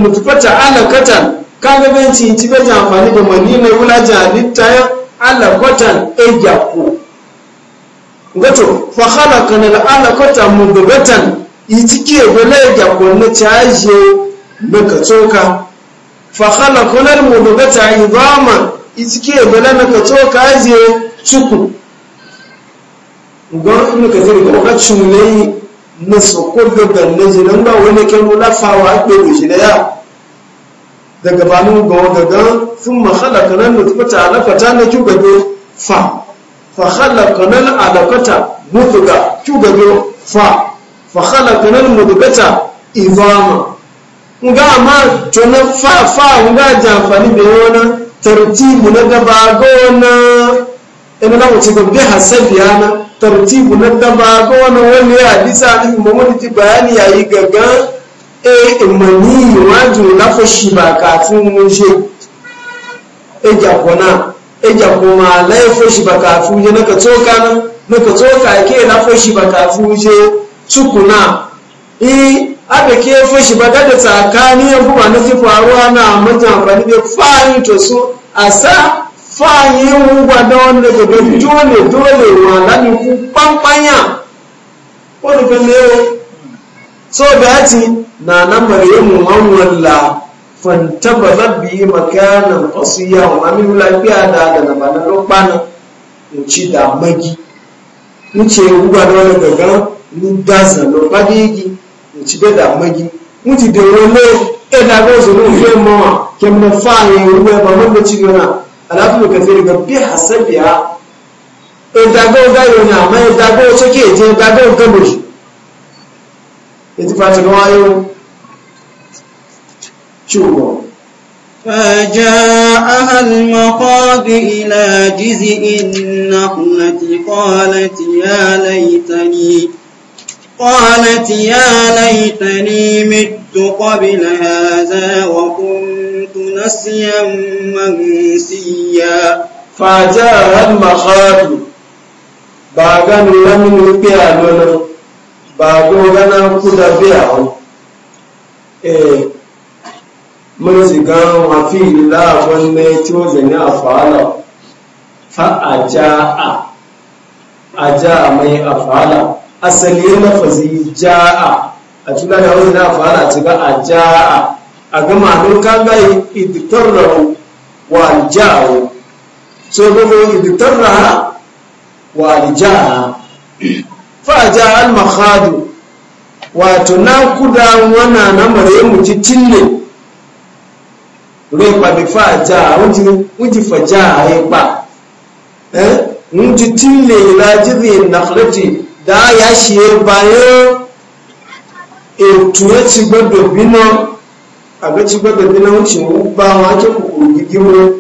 S2: mutfata kaga benci ci be amfani da mani na wula jalitta ya ala kotan ko? gato fa khalaqa na ala kotan mudghatan itike gole ko na taje maka tsoka fa khalaqa al mudghata idama itike gole maka tsoka je cuku gon ibn ka ko ka cunle na sokoda da ne jinan ba wani kan wala fawa ke shi da ya daga banu ga wagagan sun mahalaka nan nutfata alakata na kyugado fa fa halaka nan alakata mutuga kyugado fa fa halaka nan mutugata izama nga ma tona fa fa nga jamfani be wona tartibu na gaba ina na wuce gobe hasabi yana tartibu na gaba gona wani ya hadisa ni mu mun ji bayani yayi gaga e imani wajin lafa shi ba kafin mun shi e jakona e jakoma ba kafin je naka tsoka na naka tsoka ke lafa shi ba kafin je tsukuna e abe ke fashi ba gada tsakani ya kuma na ji faruwa na mutu amfani da fayin to so a sa fayin wugwa da wanda gaba dole dole wa lani ku kwampanya wani kan ne so dati na na fanta wanwalla fantaba rabbi makanan qasiya wa min lafiya da da na bana lokana in ci da magi in ce guba da wani gaga ni daza lo badigi in ci da magi in ci da wani e da ga su mun fiye mawa kem na faye ruwa ba mun ci gana alafu ka fi ga bi hasabiya e da ga ga yo na mai e da ga ce ke je da ga ga mu ètí fàtí ló wáyé o
S1: ṣùgbọ́n. فجاءها المخاض إلى جزء النخلة قالت يا ليتني
S2: قالت يا
S1: ليتني مت قبل هذا وكنت نسيا منسيا فجاءها المخاض بعد
S2: أن لم يبيع لنا baako gana kuda eh, mun ee mọlẹsi gan wafi ìlà wọnẹ tí ó ne a àfàálà fa àjà a àjà mai àfàálà asali yẹn lọfọsi já a àtúndà náà wọn zẹ ní àfàálà ti ga àjà a àgbẹmọ àdúró kága ìdìtọrọ wà já o so gbogbo ìdìtọrọ wa já a. faja al-makhadu wato na kuda wana na mare mu ci tinne re pa bi faja wuji wuji faja ai pa eh mun ci tinne ila jizi nakhlati da ya shiye bayo e tuwe ci gbado bino ga ci gbado bino wuci mu ba wa ke ku gigimo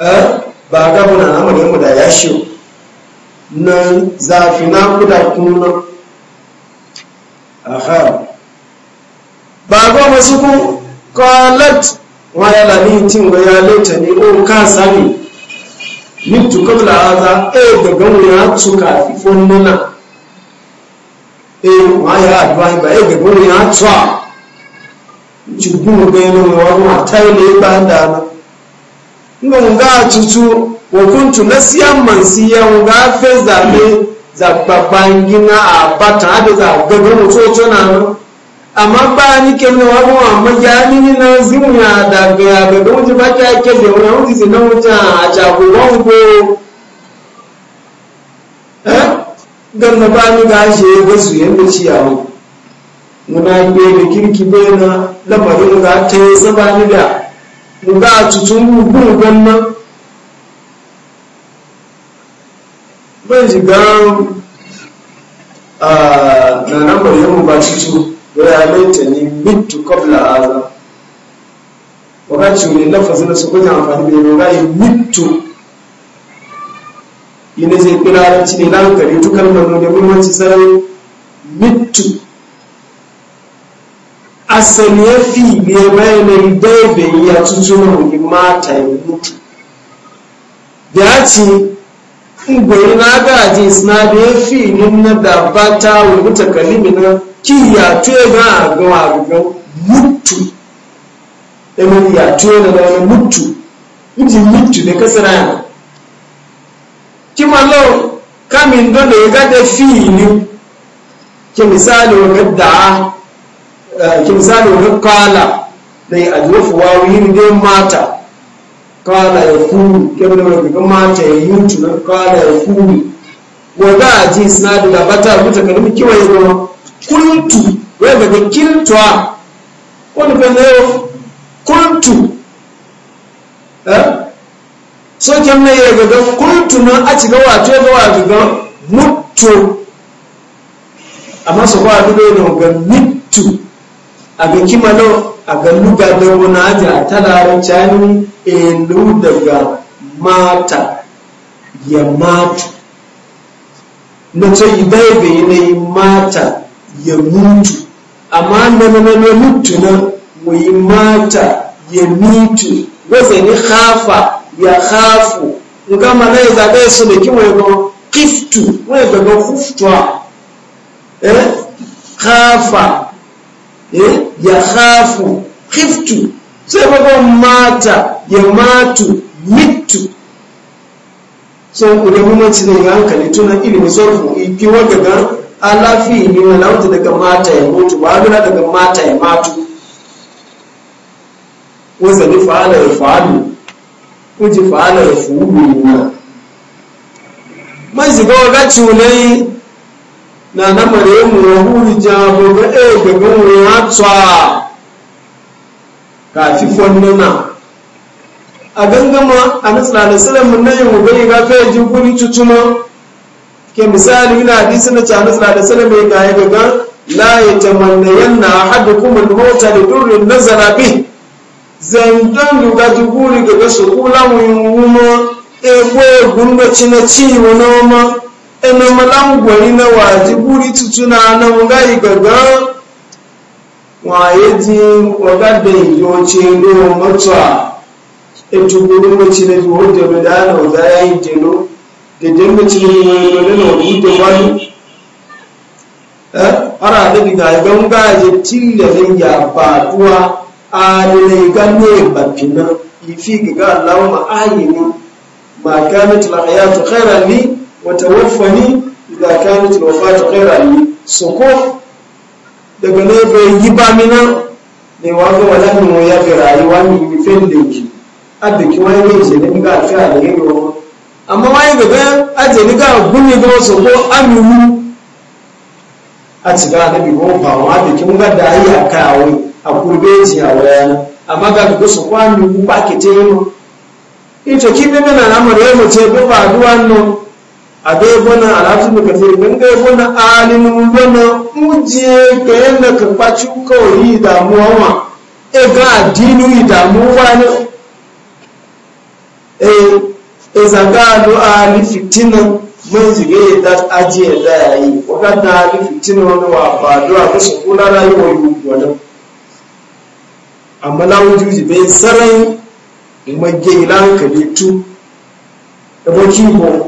S2: eh ba ga buna na mare mu da ya shiye na zafi na kuda kuna aha ba ga masu ku kwalat wa ya lani tin wa ya laita ni o ka sani mitu kabla aza e daga mu ya tuka ifon nana e wa ya adwa ba e daga mu ya twa jubu mu ga yana wa wa tai ne ba da na ngum ga tutu wakuntu na siyan mansiyan ga fe zaɓe zaɓaɓɓen gina a batan haɗe zaɓaɓɓen mutoto na nan amma ba ni kemgbe wa kuma amma ya ni ni na zimuya da ga ga ga wuce ba ta kemgbe wani wuce sai na wuce a jagoran ko eh ganna ba ni ga shi ga su yanda ciyawo muna gbe da kirki bai na lamarin ga ta yi zaba ni da mu ga tutun gugun gannan ban shiga a nanan mu ba ci cikin ya laita ni mid to a za kabla aza ci ne lafazi na su kwajen amfani da yau rayu mitu ina zai fi ci ne na hankali to kalmar mu da muhimmanci mid to asali ya fi ne bayan bayanin daibin ya tuntuna muhimma ta yi mutu da ya ce goyi na gaji sinadin filin na da ba ta wani takalimi na kiya tuye na agawa mutu ya tuye na wani mutu mutu da kasara eh, yana kima lau kamin don da ya gada filin ke misali wani da'a ke misali kala da ya ajiye fuwa wuyin dai mata kala ya furu kebile mai kuka mata ya yi na kala ya wa za a ji sinadu da bata rubuta kalmi kiwaye zama kuntu wai ga kintuwa wani fende yau kuntu so kyan mai ya gaga kuntu na a ciga wato ga wato ga mutu amma su ba dubu na ga mitu a ga kimalo a ga luga da wani a ta elu daga mata ya mata na ce idai bai yanayi mata ya mutu amma na na na mutu na wai mata ya mitu waze ni hafa ya hafu nga mana ya zaga su da kima ya gama kiftu wani daga huftwa eh hafa eh ya khafu khiftu sai baba mata ya matu mitu so da muhimmanci ne ga hankali tuna ilimin sarfu ikiwa daga alafi ni na daga mata ya mutu ba gina daga mata ya matu wanda ni fa'ala ya fa'alu kuji fa'ala ya fu'ulu na mai shiga wa gaci na na maryamu wa hurija ga e ga mu ya tsa ka fi fonnana a gangama a nasara da mun nan yin gani ga kai jin kuri cucuma ke misali ina hadisi na cana nasara da salamun ga ya ga la ya tamanna yanna ahadukum al-mauta li durrin nazara bi zandan duga jiburi ga su kula mu yin wuma egwe gundo na ci wani ma ina malangwani na waji buri tutuna na mugayi gaga waye ji wagada yoce do matsa etu buru mace na ji wadda bai da ana za ya yi jelo da jan mace na yi wani na wani da wani ara da diga gan gaje tilazin ya faduwa a dalai gane bafina ifi ga Allahumma ayini ma kanat al-hayatu khairan li watawaffani idza kanat alwafatu ghayra li soko daga ne bai yi ba mina ne wa ga wadan mu ya ga rayuwa ni mi fende ki abda ki wani ne je ne ga fi ala yi ro amma wai ga ga aje ni ga gumi ga soko aminu a ciga da bi gon fa wa da kin ga da ayi akawo a kurbe ji a waya amma ga ku soko aminu ba ke te yi ito ki bi mana na mu re mu ce ba duwan no abe bona alatu da kafe ganga bona alimin bona muje ka yanda ka kwaci kawai damuwa ma e ga addini damuwa ne e e zaga do ali fitina mun zige da aji da yayi wakata ali fitina wani wa ba do a kasu kula rayuwar wannan amma lawo juji bai sarai magilan kabitu da bakin ko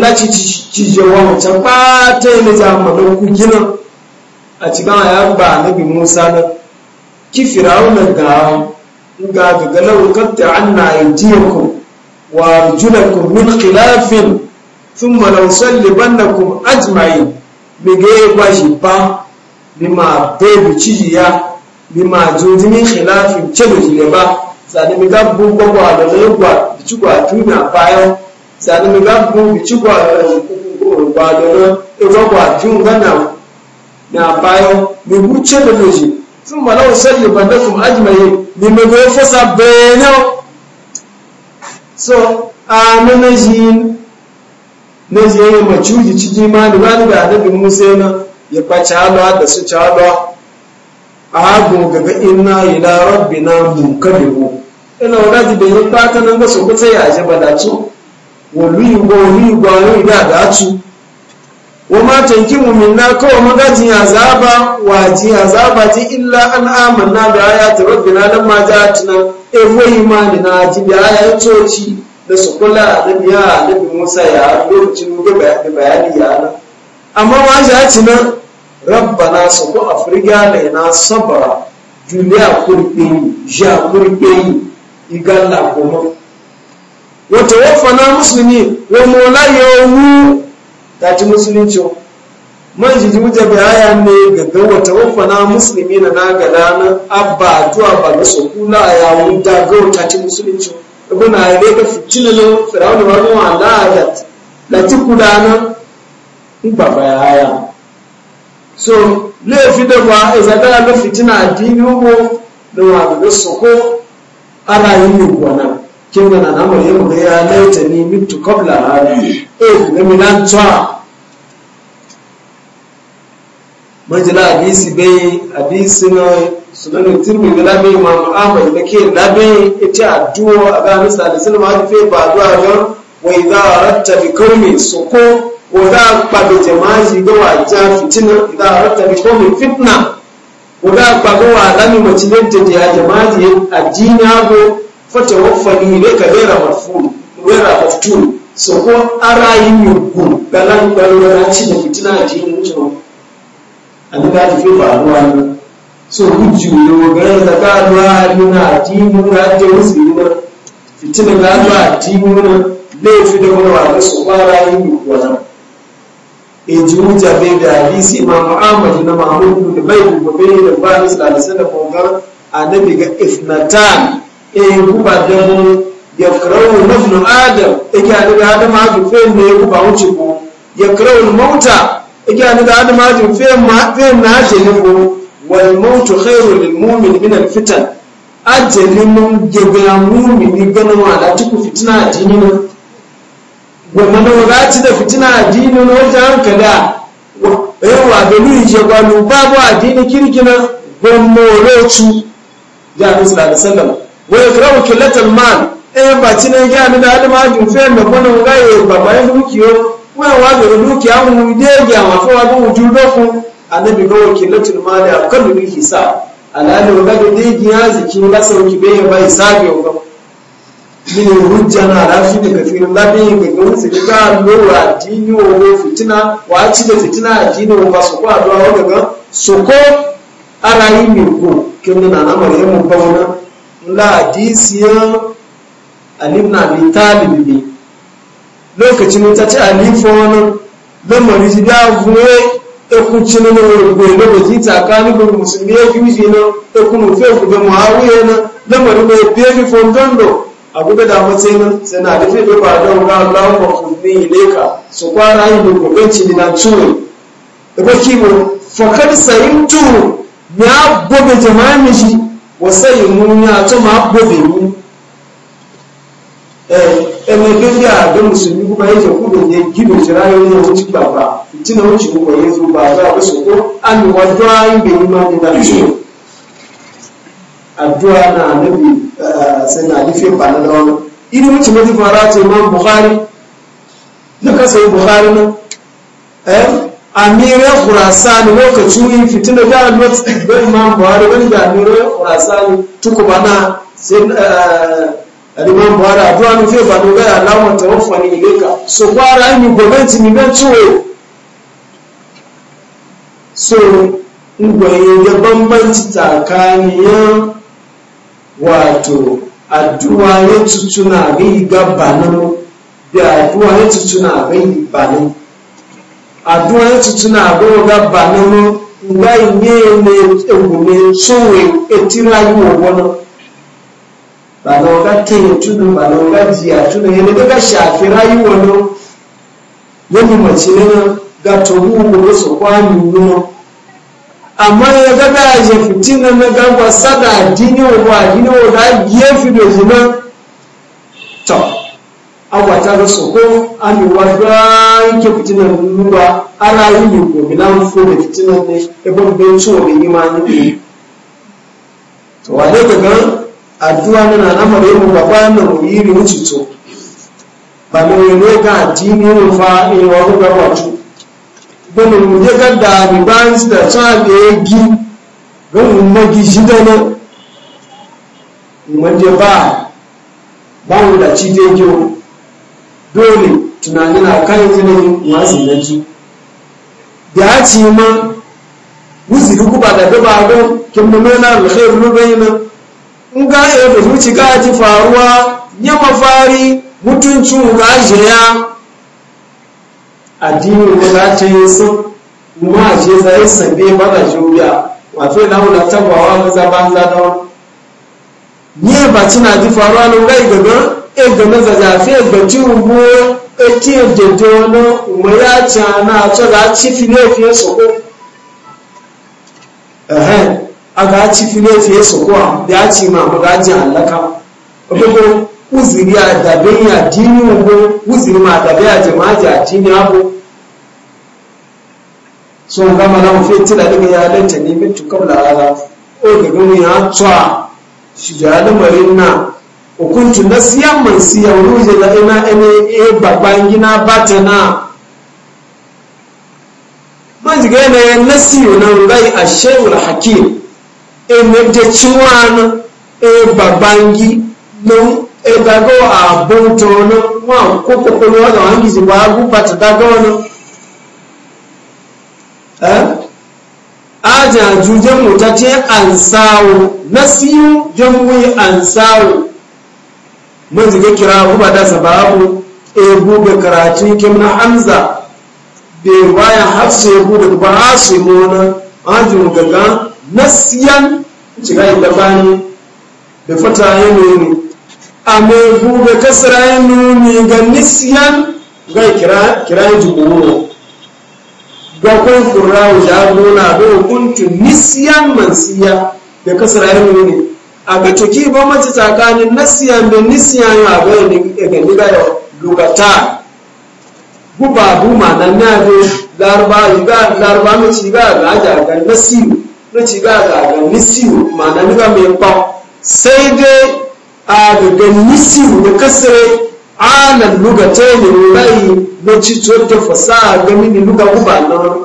S2: lati cije wa mace ɓata za mu da a cikin ya ba annabi musa na ki firawuna ga ga daga lau katta anna yadiyakum wa arjulakum min khilafin thumma law sallibannakum ajma'in mi ge ba shi ba mi ma bebi cijiya mi ma jojimin khilafin celo jile ba sani mi ga bugbo gwa da lai gwa da ci gwa tuna bayan sani mi ga gun bi ci gwa gwa dona e gwa gwa jun ga na na bayo mi buce da doji sun mala usalli bandakum ajma'i mi me go fosa so a nanajin naji yayi macuji ciki ma ni bani da annabi Musa na ya bace halwa da su halwa a goga ga inna ila rabbina munkabiru ina wadati da yin fata nan ga su kuta ya ji badatu wọ̀lú ìgbọ̀ orí ìgbọ̀ orí ìgbà àdájú wọ́n má tẹ̀ kí mùmìn náà kọ́ da ayá tẹ̀rọ ni na ya da sukula da biya da bi musa ya lokacin da bayani ya na amma ma ja tuna rabbana su ko afirga ne na sabara juliya kurbe ja kurbe igalla goma wata wafana musulmi wa mola ta ci musulunci man jiji wuce bayaya ne gaga wata wafana musulmi na nagala na abba zuwa ba na sokula a yawon daga wata ci musulunci ibn ayyade ka fitina na wani wa ruwan al'adat da kuda kudana ba bayaya so fi da ba izadara na fitina addini ko da wa daga soko ana yin yi gwanan kin na nan ya muga ya laita ni mitu kabla hadi eh na minan tsa majala hadisi bai hadisi na sunan tirmidhi da labe imam ahmad da ke labe bai ita addu'a a ga misali da sunan hadife ba addu'a ga wa idza ratta bi qawmi suku wa za pa jama'a jama'i ga wa ja fitina idza ratta bi qawmi fitna wa za pa go wa lami mace da ya jama'i addina go fata wafani ne ka rera mafulu rera mafulu so ko arayin yugun galan balwara ci da fitina a cikin wucewa an ga tafi faruwa ne so hujjuyo ganin da ka ruwa nuna addini na ajiyar musulmi na fitina ga ruwa addini na laifi da wani wani su ba rayin yugun eji wuta bai da hadisi imam muhammad na mahmud da bai da bai da ba sallallahu alaihi wasallam ga annabi ga ifnatan e eh, guba da mu ya karawo nafnu adam yake hadu da adam hadu fen ne ya guba wuce ko ya karawo mauta yake hadu da adam hadu fen ma fen na ajali ko wal mautu khairul lil mu'min min al fitan ajali mun gaba mu'mini ganin wala ku fitina addini na wannan wagati da fitina a na wajen hankala yawa eh, da ni je gwalu babu a addini kirkina gwammo lotu ya Muhammad sallallahu alaihi wa yakrahu qillatal man? eh ba ci na ga ni da alma me ba ba dukiyo wa wa da dukiya mu de ga wa fa wa du annabi ga wakilatul mal da kan bi hisab alani ga de ga ziki ba sauki be ba hisabi ga mini hujja na rafi da kafirin labin ga gani su ga lowa addini wa fitina wa ci da fitina addini wa su ko addu'a wa daga su ko arayi min ko kin na na maryam ba wannan la hadisi ya alimna bi talib ne lokacin ta ce alifu wani lamari ji da vuwe ekucin na gwe da baki tsakanin gudu musulmi ya fi shi na ekunu fefu da muhawiya na lamari mai fefi fondondo a guda da matsayin sai na da fefe ba da wura allahu ba kudin ileka su kwara yi da gobenci na tuwe da baki mu fakar sayin tuwo ya gobe jama'in shi wọ́sẹ̀yìn mú ní àtọ́ máa gbòdè mú ẹmọ ẹgbẹ́ bí àgbẹ́ mùsùlùmí gbogbo ayé ìjọkúrò ní gílò ìjọra yóò ní ohun tí gbàgbà tí náà ó jù wọ̀ yẹn tó gbà àgbà àbẹ́sọ̀kọ́ àmìwájú àìgbè ní máa ní dájú àdúrà náà níbi sẹ́nà àdífẹ́ ìpàdánlọ́wọ́ inú mú tìmọ́tì fún ara ti mọ́ buhari lọ́kàsẹ̀ buhari náà amirin khurasani lokacin fitina da lokacin da imam buhari wani da amirin khurasani tuku bana sai eh, imam buhari abuwa nufi ba da gaya alamar ta wafani ileka so kwara ni gwamnati ni na ciwo so ngwaye ya bambanci tsakaniyar wato addu'a ya tutuna bai gaba nan da addu'a ya tutuna bai ba nan àdúrà tuntun náà àgbọ̀rọ̀ gábà nínú ìgbà ìyé ilé ewu ní sóhùn etí ráyé òwọ́ náà bàlá ọ̀gá kéèyàn túnú bàlá ọ̀gá jìyà túnú yẹn ní dẹ́gbẹ́ ṣàfi ráyé wọ̀ náà yẹ́nì mọ̀tí nínú gàtọ̀ owó owó sọ̀kọ́ àmì ìlú náà àmọ́ yẹn gẹ́gẹ́ àyè fìtí nínú gágbà sádà àdínníwò àdínníwò láyé fìdòjì náà tọ̀. agwata ga soko ami wadda nke fitinan nuba ara yi yi gobe na mfu da fitinan ne ebe bai ci obi yi ma nufi
S1: to wa daga gan
S2: addu'a nana na mara yi mu ba na mu yi ni wuce to ba mu yi ne ga addini ne fa in wa ku wato ba mu je ga da ni ba can da tsa gi ga mu magi shi da mu je ba ba mu da ci da gi dole tunanin a kayan zinayin masu yanci da ya ce ma wuzi ku ba da daba nuna kimmanona alkhairu lubaina in ga ya da zuci ga ji faruwa ya mafari mutuncin ga ya addini ne za ta yi sun ma je za sabbe ba da juriya wato na wula tabawa ga banza da ni ba cina ji faruwa nan gai gaga ega na zazafi ega ti ugbo eti edede ọnụ mgbe ya cha na achọ ga achifi n'efi nsogbu ehe a ga achifi n'efi nsogbu a dị achi ma ma ga ji alaka ọkpụkpụ uziri adabe ya dini ugbo uziri ma adabe ya jem so nga mana mu tila daga ya lanta ne min tukabla ala o daga mu ya tsuwa shi da lamarin na hukuntu na siyan man siyan ruje da ina ene e babban gina bata na man jiga yana ya nasi yana rai a shehul hakim e mebde ciwan e babban gi nun e dago a bonto wa ko ko wa da hangi ji ba gu bata dago na eh aja jujen mutace ansawo nasiyu jamwi ansawo man ziga kira kuma da sababu e eh, buga karatu kimna hamza be waya hafsa ya buga ba su mona ajin gaga nasiyan ciga yi gabani da fata ya nuni a mai buga kasra ya nuni ga nisiyan ga kira kira ya juburo ga kun kurawo jagona ga hukuntun nisiyan mansiya da kasra ya nuni aga tuki ba mace tsakanin nasiya da nisiya ya ga ni ga ni ga lugata guba buma na na larba ga larba mu ci ga ga nasiyu na ga ga nisiyu ma na sai dai a ga nisiyu da kasare ala lugata ne bai na fasaha ga mini guba na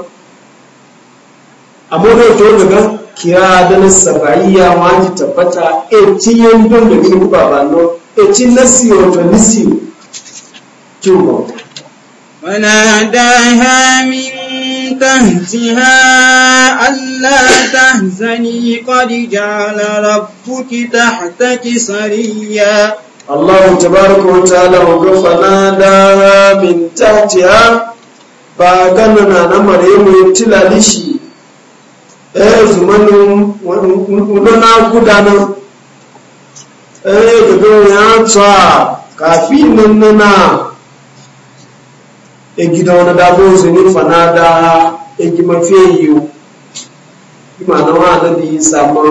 S2: amma kira danin saba'iya ma ji tabbata e tiyen don da ke kuka ba no e ti nasi
S1: wato nisi tuba da ha min allah ta zani kodi ja lara buki sariya Allah mu tabaraka wa ta'ala wa gafana da min tahtiha
S2: ba ganna na mare mu tilalishi ezumanu wadon na gudana eh daga ya tsa kafin nan nana e gida wani dabo zuni fanada e gima feyo ima na wa da bi sama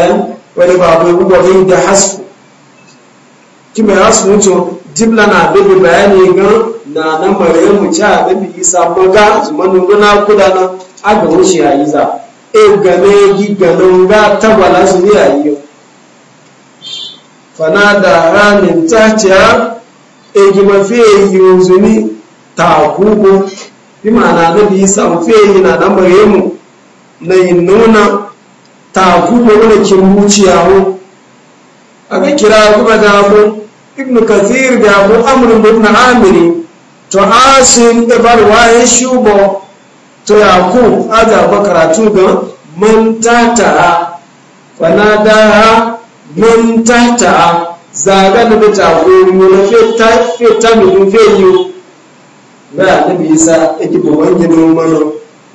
S2: eh wani babu gugwa bai da hasu kima ya su mutu na bebe bayani na na maryamu cha da bi isa maga zumanun gona aga wuce yi za e game gi ganin ga tabbala su ne yayi fana da ramin taciya e gi mafi yuzuni ta kuku bi ma'ana na bi sa mafi yi na dan bare mu na yin nuna ta kugo wani kin a aga kira kuma da mu ibnu kathir da mu amr ibn amiri to asin da barwa ya shubo to yaku azaba karatu ga man fanadaha man tata zaga da bata goyo na feta feta mu na ba nabi isa yake ba wanda ne mana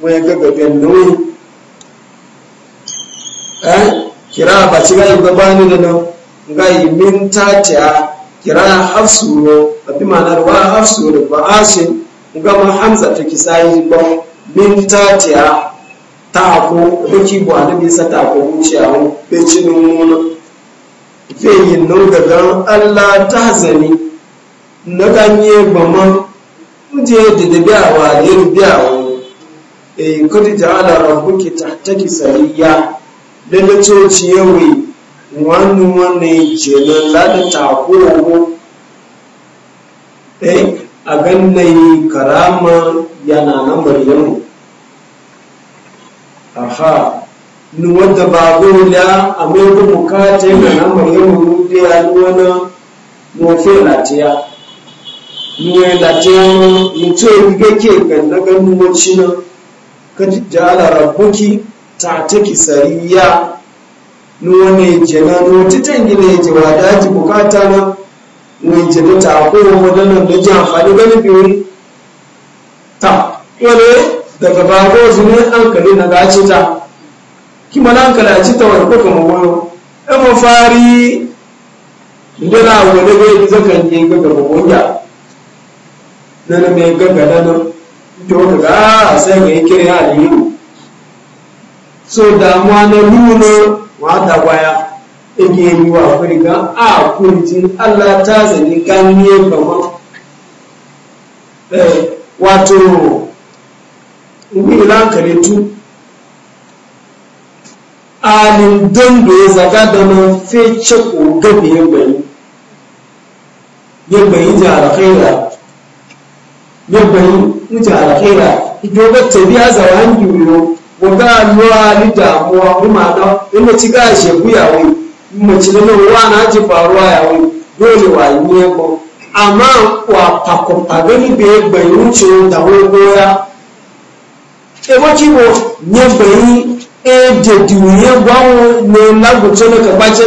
S2: wani ga gaben nawi eh kira ba ci ba gabani da nan gai min kira hafsu ne fi ma'anar wa hafsu da ba asim ga ma hamza ta yi ba min tatiya ta ko kuki bu annabi sa ko wuciya ko be mun fe yin nan daga Allah tahzani na ganye gbama je da biyawa ne biyawa eh kudi ta'ala rabbuki tahtaki sariya da da coci yawi wani wani jelan la da takowo eh a yi karama yana nan maryam aha ni wadda ba gola a mai ku bukata yana nan maryam da ya yi wani mafi latiya wai latiya mutum gake kan na ganin wacce nan ka ala rabuki ta ki sariya ni wani jana ni wata tangina ya ji wadda ji bukata na mai jiri ta kowa wadannan da ji amfani gani biyu ta wani daga bago an hankali na gaci ta ki na hankali a ci ta wani kuka mawayo ɗan mafari na wani yi zakan yi gaga mawaya na na mai gaga na nan ta wata ga sai ga yi kiri a da so damuwa na nuna wa ta baya ege yi wa afirka a kurjin allah ta zane ganye gaba eh, wato wila karetu alin dondo ya zaga da man fece ko gabe ya bayi ya bayi ji alkhaira ya bayi ji alkhaira idoba tabiya zawa hangi wuyo waga alluwa ni damuwa kuma na inda ci ga shebu yawai mace n'ụwa na ji faruwa ya wani dole wa yi ne ko amma wa pakopa gani bai bai wuce da wani ya e na ka bace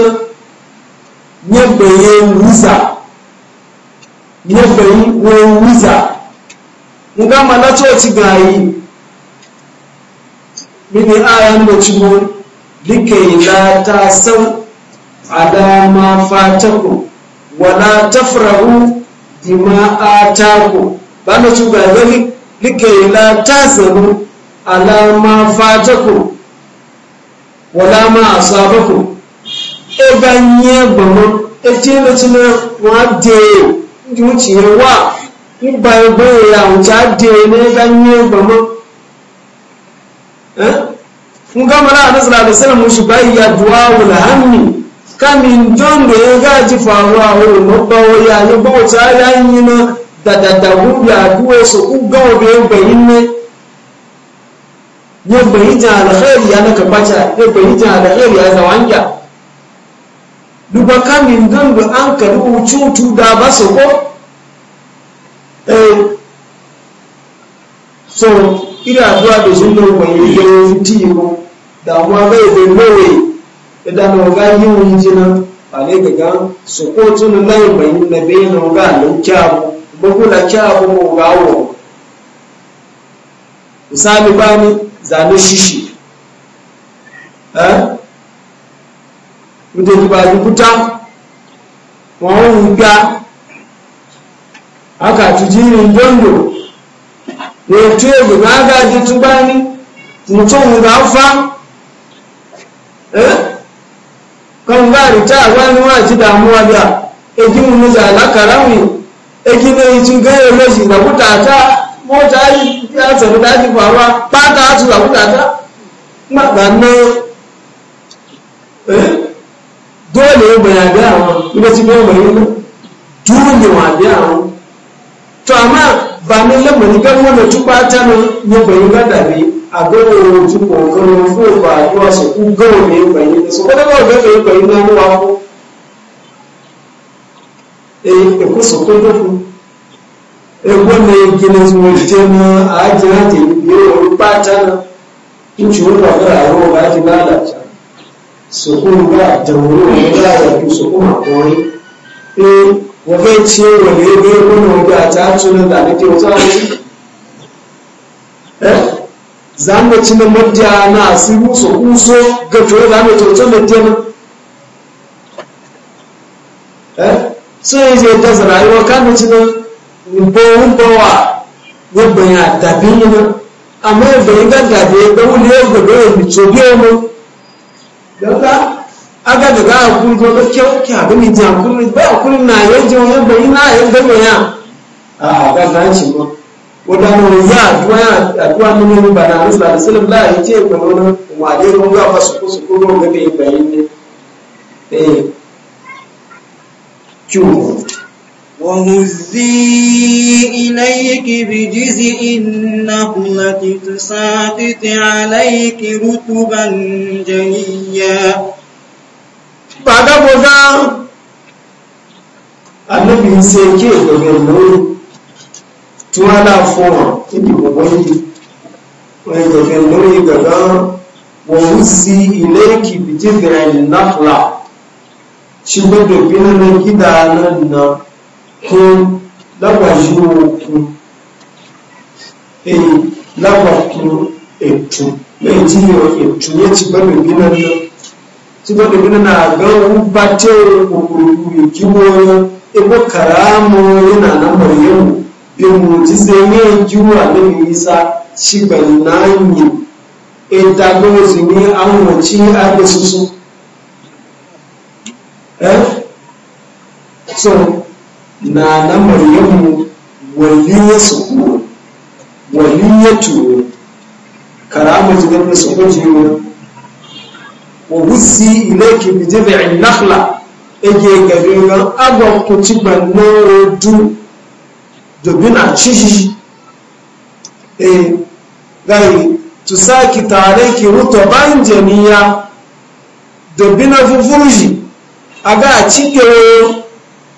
S2: nyebeghị ne bai wuza nga mana coci gayi mini ayan da cimo ada ma fataku wala tafrahu bima ataku bana su ga zaki lika ila tasabu ala ma fataku wala ma asabaku e banye bamu e tele tele wa de ndi uchi wa ngba ngba ya uja de ne banye bamu eh mun ga mala anzala da salamu shi bai ya duawu wala hanni kamin don da ya gaji faruwa wurin mabawa yayin bauta yayin na da daddagu da duwe su ugawa da yin ne yin bayin jan alkhairi ya naka bata yin bayin jan alkhairi ya zawanya duba kamin da ba ko so idan na ga yi wani jina ba ne gaga su ko tunu layi bai na bai na ga nan kyawu ba kula kyawu mu ga wo misali ba ni zane shishi eh mutum ba dubuta wọn ń ga aka tujirin dondo ne tuye ga gaji tubani mutum ga fa eh kan ga rita wani wa ji damuwa da egin mu za la karamu egin ne ji ga ya meji da ta, mota yi ya tsaro da ji faruwa ba ta su da ta. ma ga ne eh, dole ba ya ga wa ina ci ba mai dole wa ga to amma ba ne ne ne ga agbẹ́wò ojú kọ̀ọ̀kan lọ fún ìgbà àdúrà sọ̀kú gọ́ọ̀ ní da yìí sọ na lọ́wọ́ ìgbà E, gbà yìí náà ku? wà fún èkó sọ̀kú tó fún ẹgbọ́n ní
S1: gíní tí mo jẹ́ mọ́ àájẹ́ láti ìgbé orí pátá náà nítorí ó wà lára àwọn ọba àti lálàjà
S2: sọ̀kú nígbà àdàwọ̀ orí lára ìlú sọ̀kú àkọrí pé wọ́n fẹ́ tí ó wọlé ẹgbẹ́ gbọ́nà ọgbà àti àtúnú tàbí ake wọ́n sáré zanga ci na mabdiya eh? na su musu kuso ga fiye da mai tautar da tema so yi zai ta zara yi wa kanu ci na bawon bawa yabba ya dabi yi na amma ya yi gan dabi ya ga wuli ya gaba ya mi tobi ya mu daga aga daga a kun zo ga kyau ki abin ne jan kun ba kun na yajin je wani na yau gaba ya a ga zan ci mu wadanda wanzu a duwa nuna ba na musu da salim la yi ce ba nuna wade ko ga ba su kusa
S1: ko ga bai bayin ne eh kyuwa وهزي إليك بجزء النخلة تساقط عليك رطبا جنيا بعد بذا
S2: النبي سيكي بمنون tí wọ́n lá fún wọn níbi gbogbo yìí wọ́n yẹ kẹ̀kẹ́ lórí gbẹ̀gán wọ́n ń sí ilé ìkìbí jíbìrẹ̀ ìnáfúlà ṣùgbọ́n gbẹ̀gbẹ́ lọ́nà gíga náà kún lágbàáyé òkun
S1: èyí lágbàákun ètò lẹ́yìn tí ètò yẹn ti gbọ́dọ̀ gbé náà
S2: tí gbọ́dọ̀ gbé náà gan ń bá tẹ́ òkùnkùn ìkíwọ́ ẹgbẹ́ kàrá mọ́ náà mọ̀ mujize yejuwa nabi isa shigbani nanyi edagozi ni àwọn tí agbe susu eh so na na maryamu waliyatu waliyatu karama jidan su ko jiwo wa busi ilayki bi jab'i an-nakhla ege odu domin a ci shi eh gai tu saki tare ki ruto ban jamiya domin a fufurji a ga a ci gero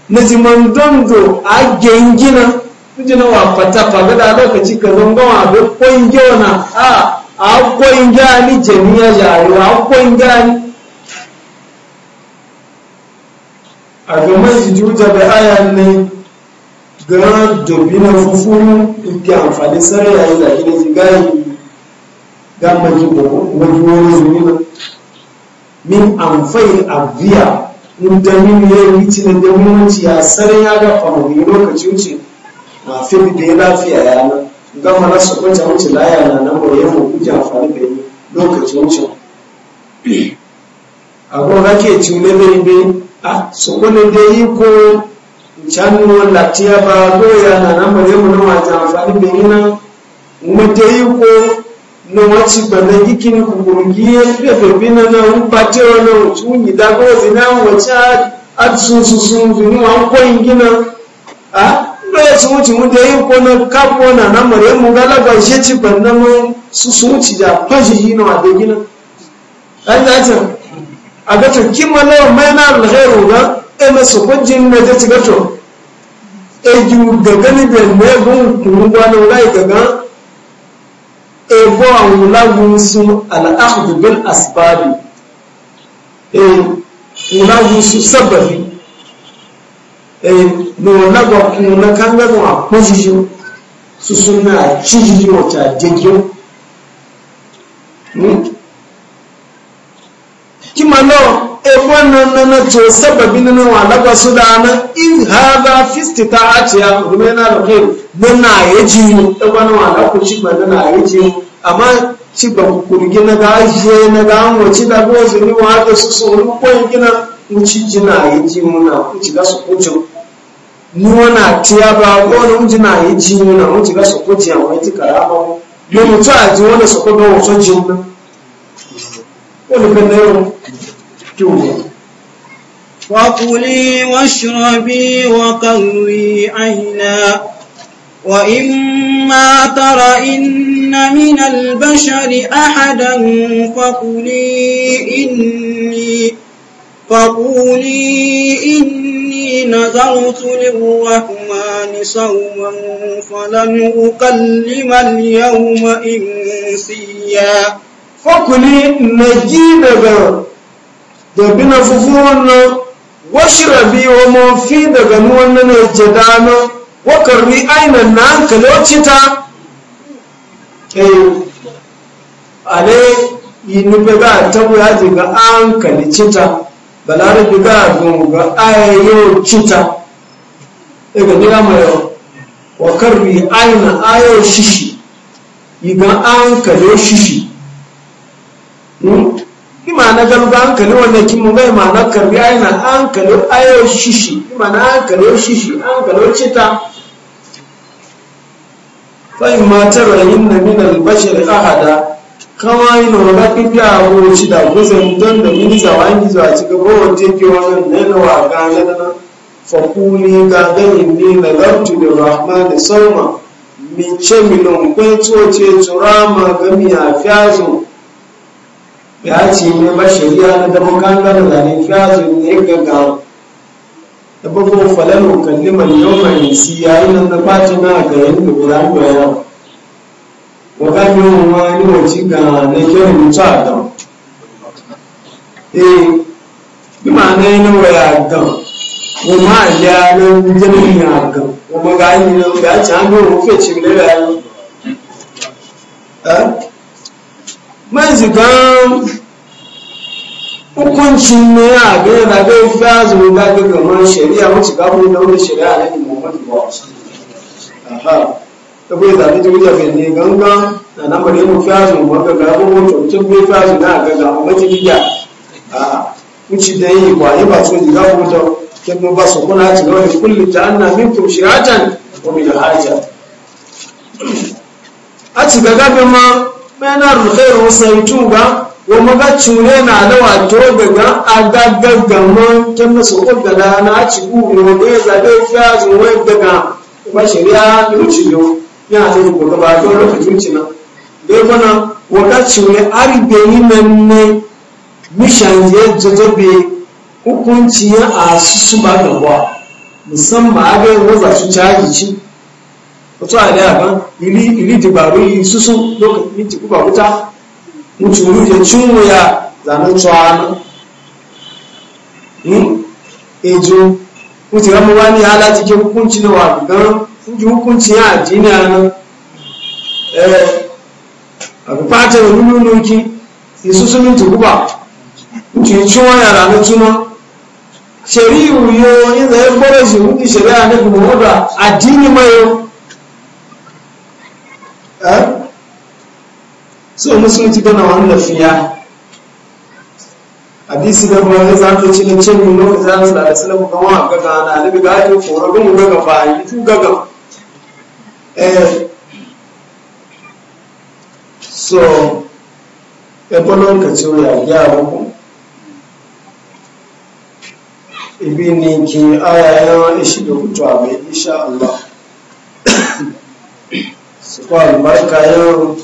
S2: na jiman dondo a gengina kujina wa fata fagada lokaci ka zongon abin kwangewa na a akwai gani jami'a jarewa akwai gani a domin jiju bayan ne gan dobi na fufun ike amfani sare yayin da kine ji gayi ga maki boko wani wani zuni na min amfai abiya mun da min ya yi ci da muhimmanci ya sare ya ga famari lokaci wuce ma fi da ya lafiya ya na. gama na su kwanta wuce laya na nan ba ya mu kuke amfani da yi lokaci wuce a gwamnati ke cune da ibe a ah, su kwanin da yi ko chanu latiya ba ya na na mare mu na wajen amfani da nina mata yi ko na wace kini gikini ku gurgiye da babi na na un bate wani wace un gida na zina wace a sun su sun zuni wa an gina a doya su wuce mu yi ko na kapo na na mare mu galaba shi ci bana su su wuce da fashi yi na wade gina. a ga mai na ga ema sokojin na ta ci gato eju gaga ni bɛ mɛ gun kun bɔ ni wula yi gaga e bɔ a wula gun sun ala akudu bin asibari e wula gun sun sababi e ni wula gba kun na kan ga gun a kojiji na a hmm? kima efonan na na to sababi na na walaba su da na in haza fistita a ce rume na da kai na na ya ji mu ta wani walaku ci ba na na ya ji mu amma ci ba kurgi na ga ajiye na ga an wace da ko su ni wa su su wani koyin gina mu ci ji na ya ji mu na mu ci ga su kuce ni wana tiya ba ko na mu ci na ya ji mu na mu ci ga su kuce a wani ti karama mu mutu a ji wani su kuga wasu ji mu na.
S1: شئتم واشربي وقوي عينا وإما ترين من البشر أحدا فقولي إني فقولي إني نذرت للرحمن صوما فلن أكلم اليوم إنسيا فقولي نجيب
S2: da na fufuwan nan washi rabi wa mafi daga nuwan nan ya ce dana wa ni ainihin na hankali wacce ta ale inufe ga tabu ya ji ga hankali cita balarabi ga gunga cita daga nira mai wa ni ainihin ayyau shishi ga hankali shishi hmm? na galba hankali wanda kin mun bai ma na karbi aina hankali ayo shishi mana hankali shishi hankali cita fa in ma tara inna min al bashar ahada kawai no ga kiga wo ci da guzan don da min zawangi zuwa ci gaba wanda ke wannan ne na wa ga na fa kuli ga ganin ni na gartu da rahman sauma min ce milon kwai tsoce turama ga a fyazo ya ce ne ba shari'a na dama kandar da ne fiya zo ne gaga da babu falalu mai yau mai si yayin nan na bacin na ga yin da guda goya wa yi wa ma ni ci ga na kyau mu a da eh bi ma yi na waya gan. wa ma ya na jinin ya ga wa ma ga yin ya ci an go mu fece ne ya mai zigan hukuncin ne a gina da ga fi azumin da ga gaman shari'a wacce ga kuma da wani shari'a na yi muhammadu ba aha ta bai zaɓi ta wuce bai ne gangan na bari mu fi azumin ba ga ga kuma bai da ga ga kuma ta gida a'a wuce da yi ba yi ba ga kuma ta ba su kuna ci gaba da kullum ta anna minkum shiratan wa a ci ma mena rukairu saitu ga wa maga chune na da wato daga adaga kyan na so na na ci guri wa ne zabe fiya zuwa daga ba shari'a da wuce ya ta yi ko gaba to lokacin cina na bana wa ga cune aribe ni nan ne mishan je jajabe hukunci ya asusu su ba gaba musamman abin waza su caji ci ọ̀tọ́ àlẹ́ àgbọn ilé ìdìbò àrùn yìí súnsún lókè ní ti kúbà kúta mo tù ú yẹ tí ń ya lànà tọ́ àánú èjò mo ti rán wá ní aláti kí hukunci náà wà gan fúnjú hukunci yẹn àdín ní àná àbúkpá tẹ̀lé nínú lókì ìsúnsún ní ti kúbà mo tù tí wọ́n yà lànà túmọ̀ ṣèrí ìwúyọ yẹn lẹ́yìn gbọ́dọ̀ sí ìwúkì ṣẹlẹ̀ àdékùnmọ́ ọ̀dọ̀ àdín ní so musulunci gana wani fiya hadisi da kuma ya zato ci na cin yin lokacin da su da alisila ku kama a gaga na alibi ga ake koro bin gaga ba a yi tu gaga eh, so ebe lokaci ya gyara ku ibi ne ke ayayen shi da kutu a mai insha Allah su kwa albarka yau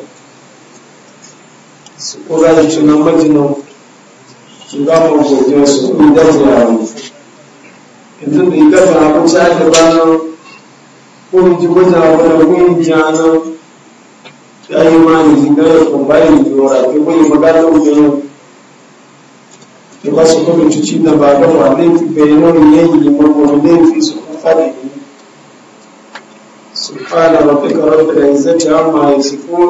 S2: sukura cuna majinu nga mu gojo su ku dafa idan da dafa ku sai da bana ko mu ji gojo wala ku yin jana yayi ma ni ga ko bai ni ora ko ko magana ku ne da ba su kuma cuci na ba ga wa ne fi bayanan yayi mako ne fi su fadi subhana rabbika rabbil izzati amma yasifun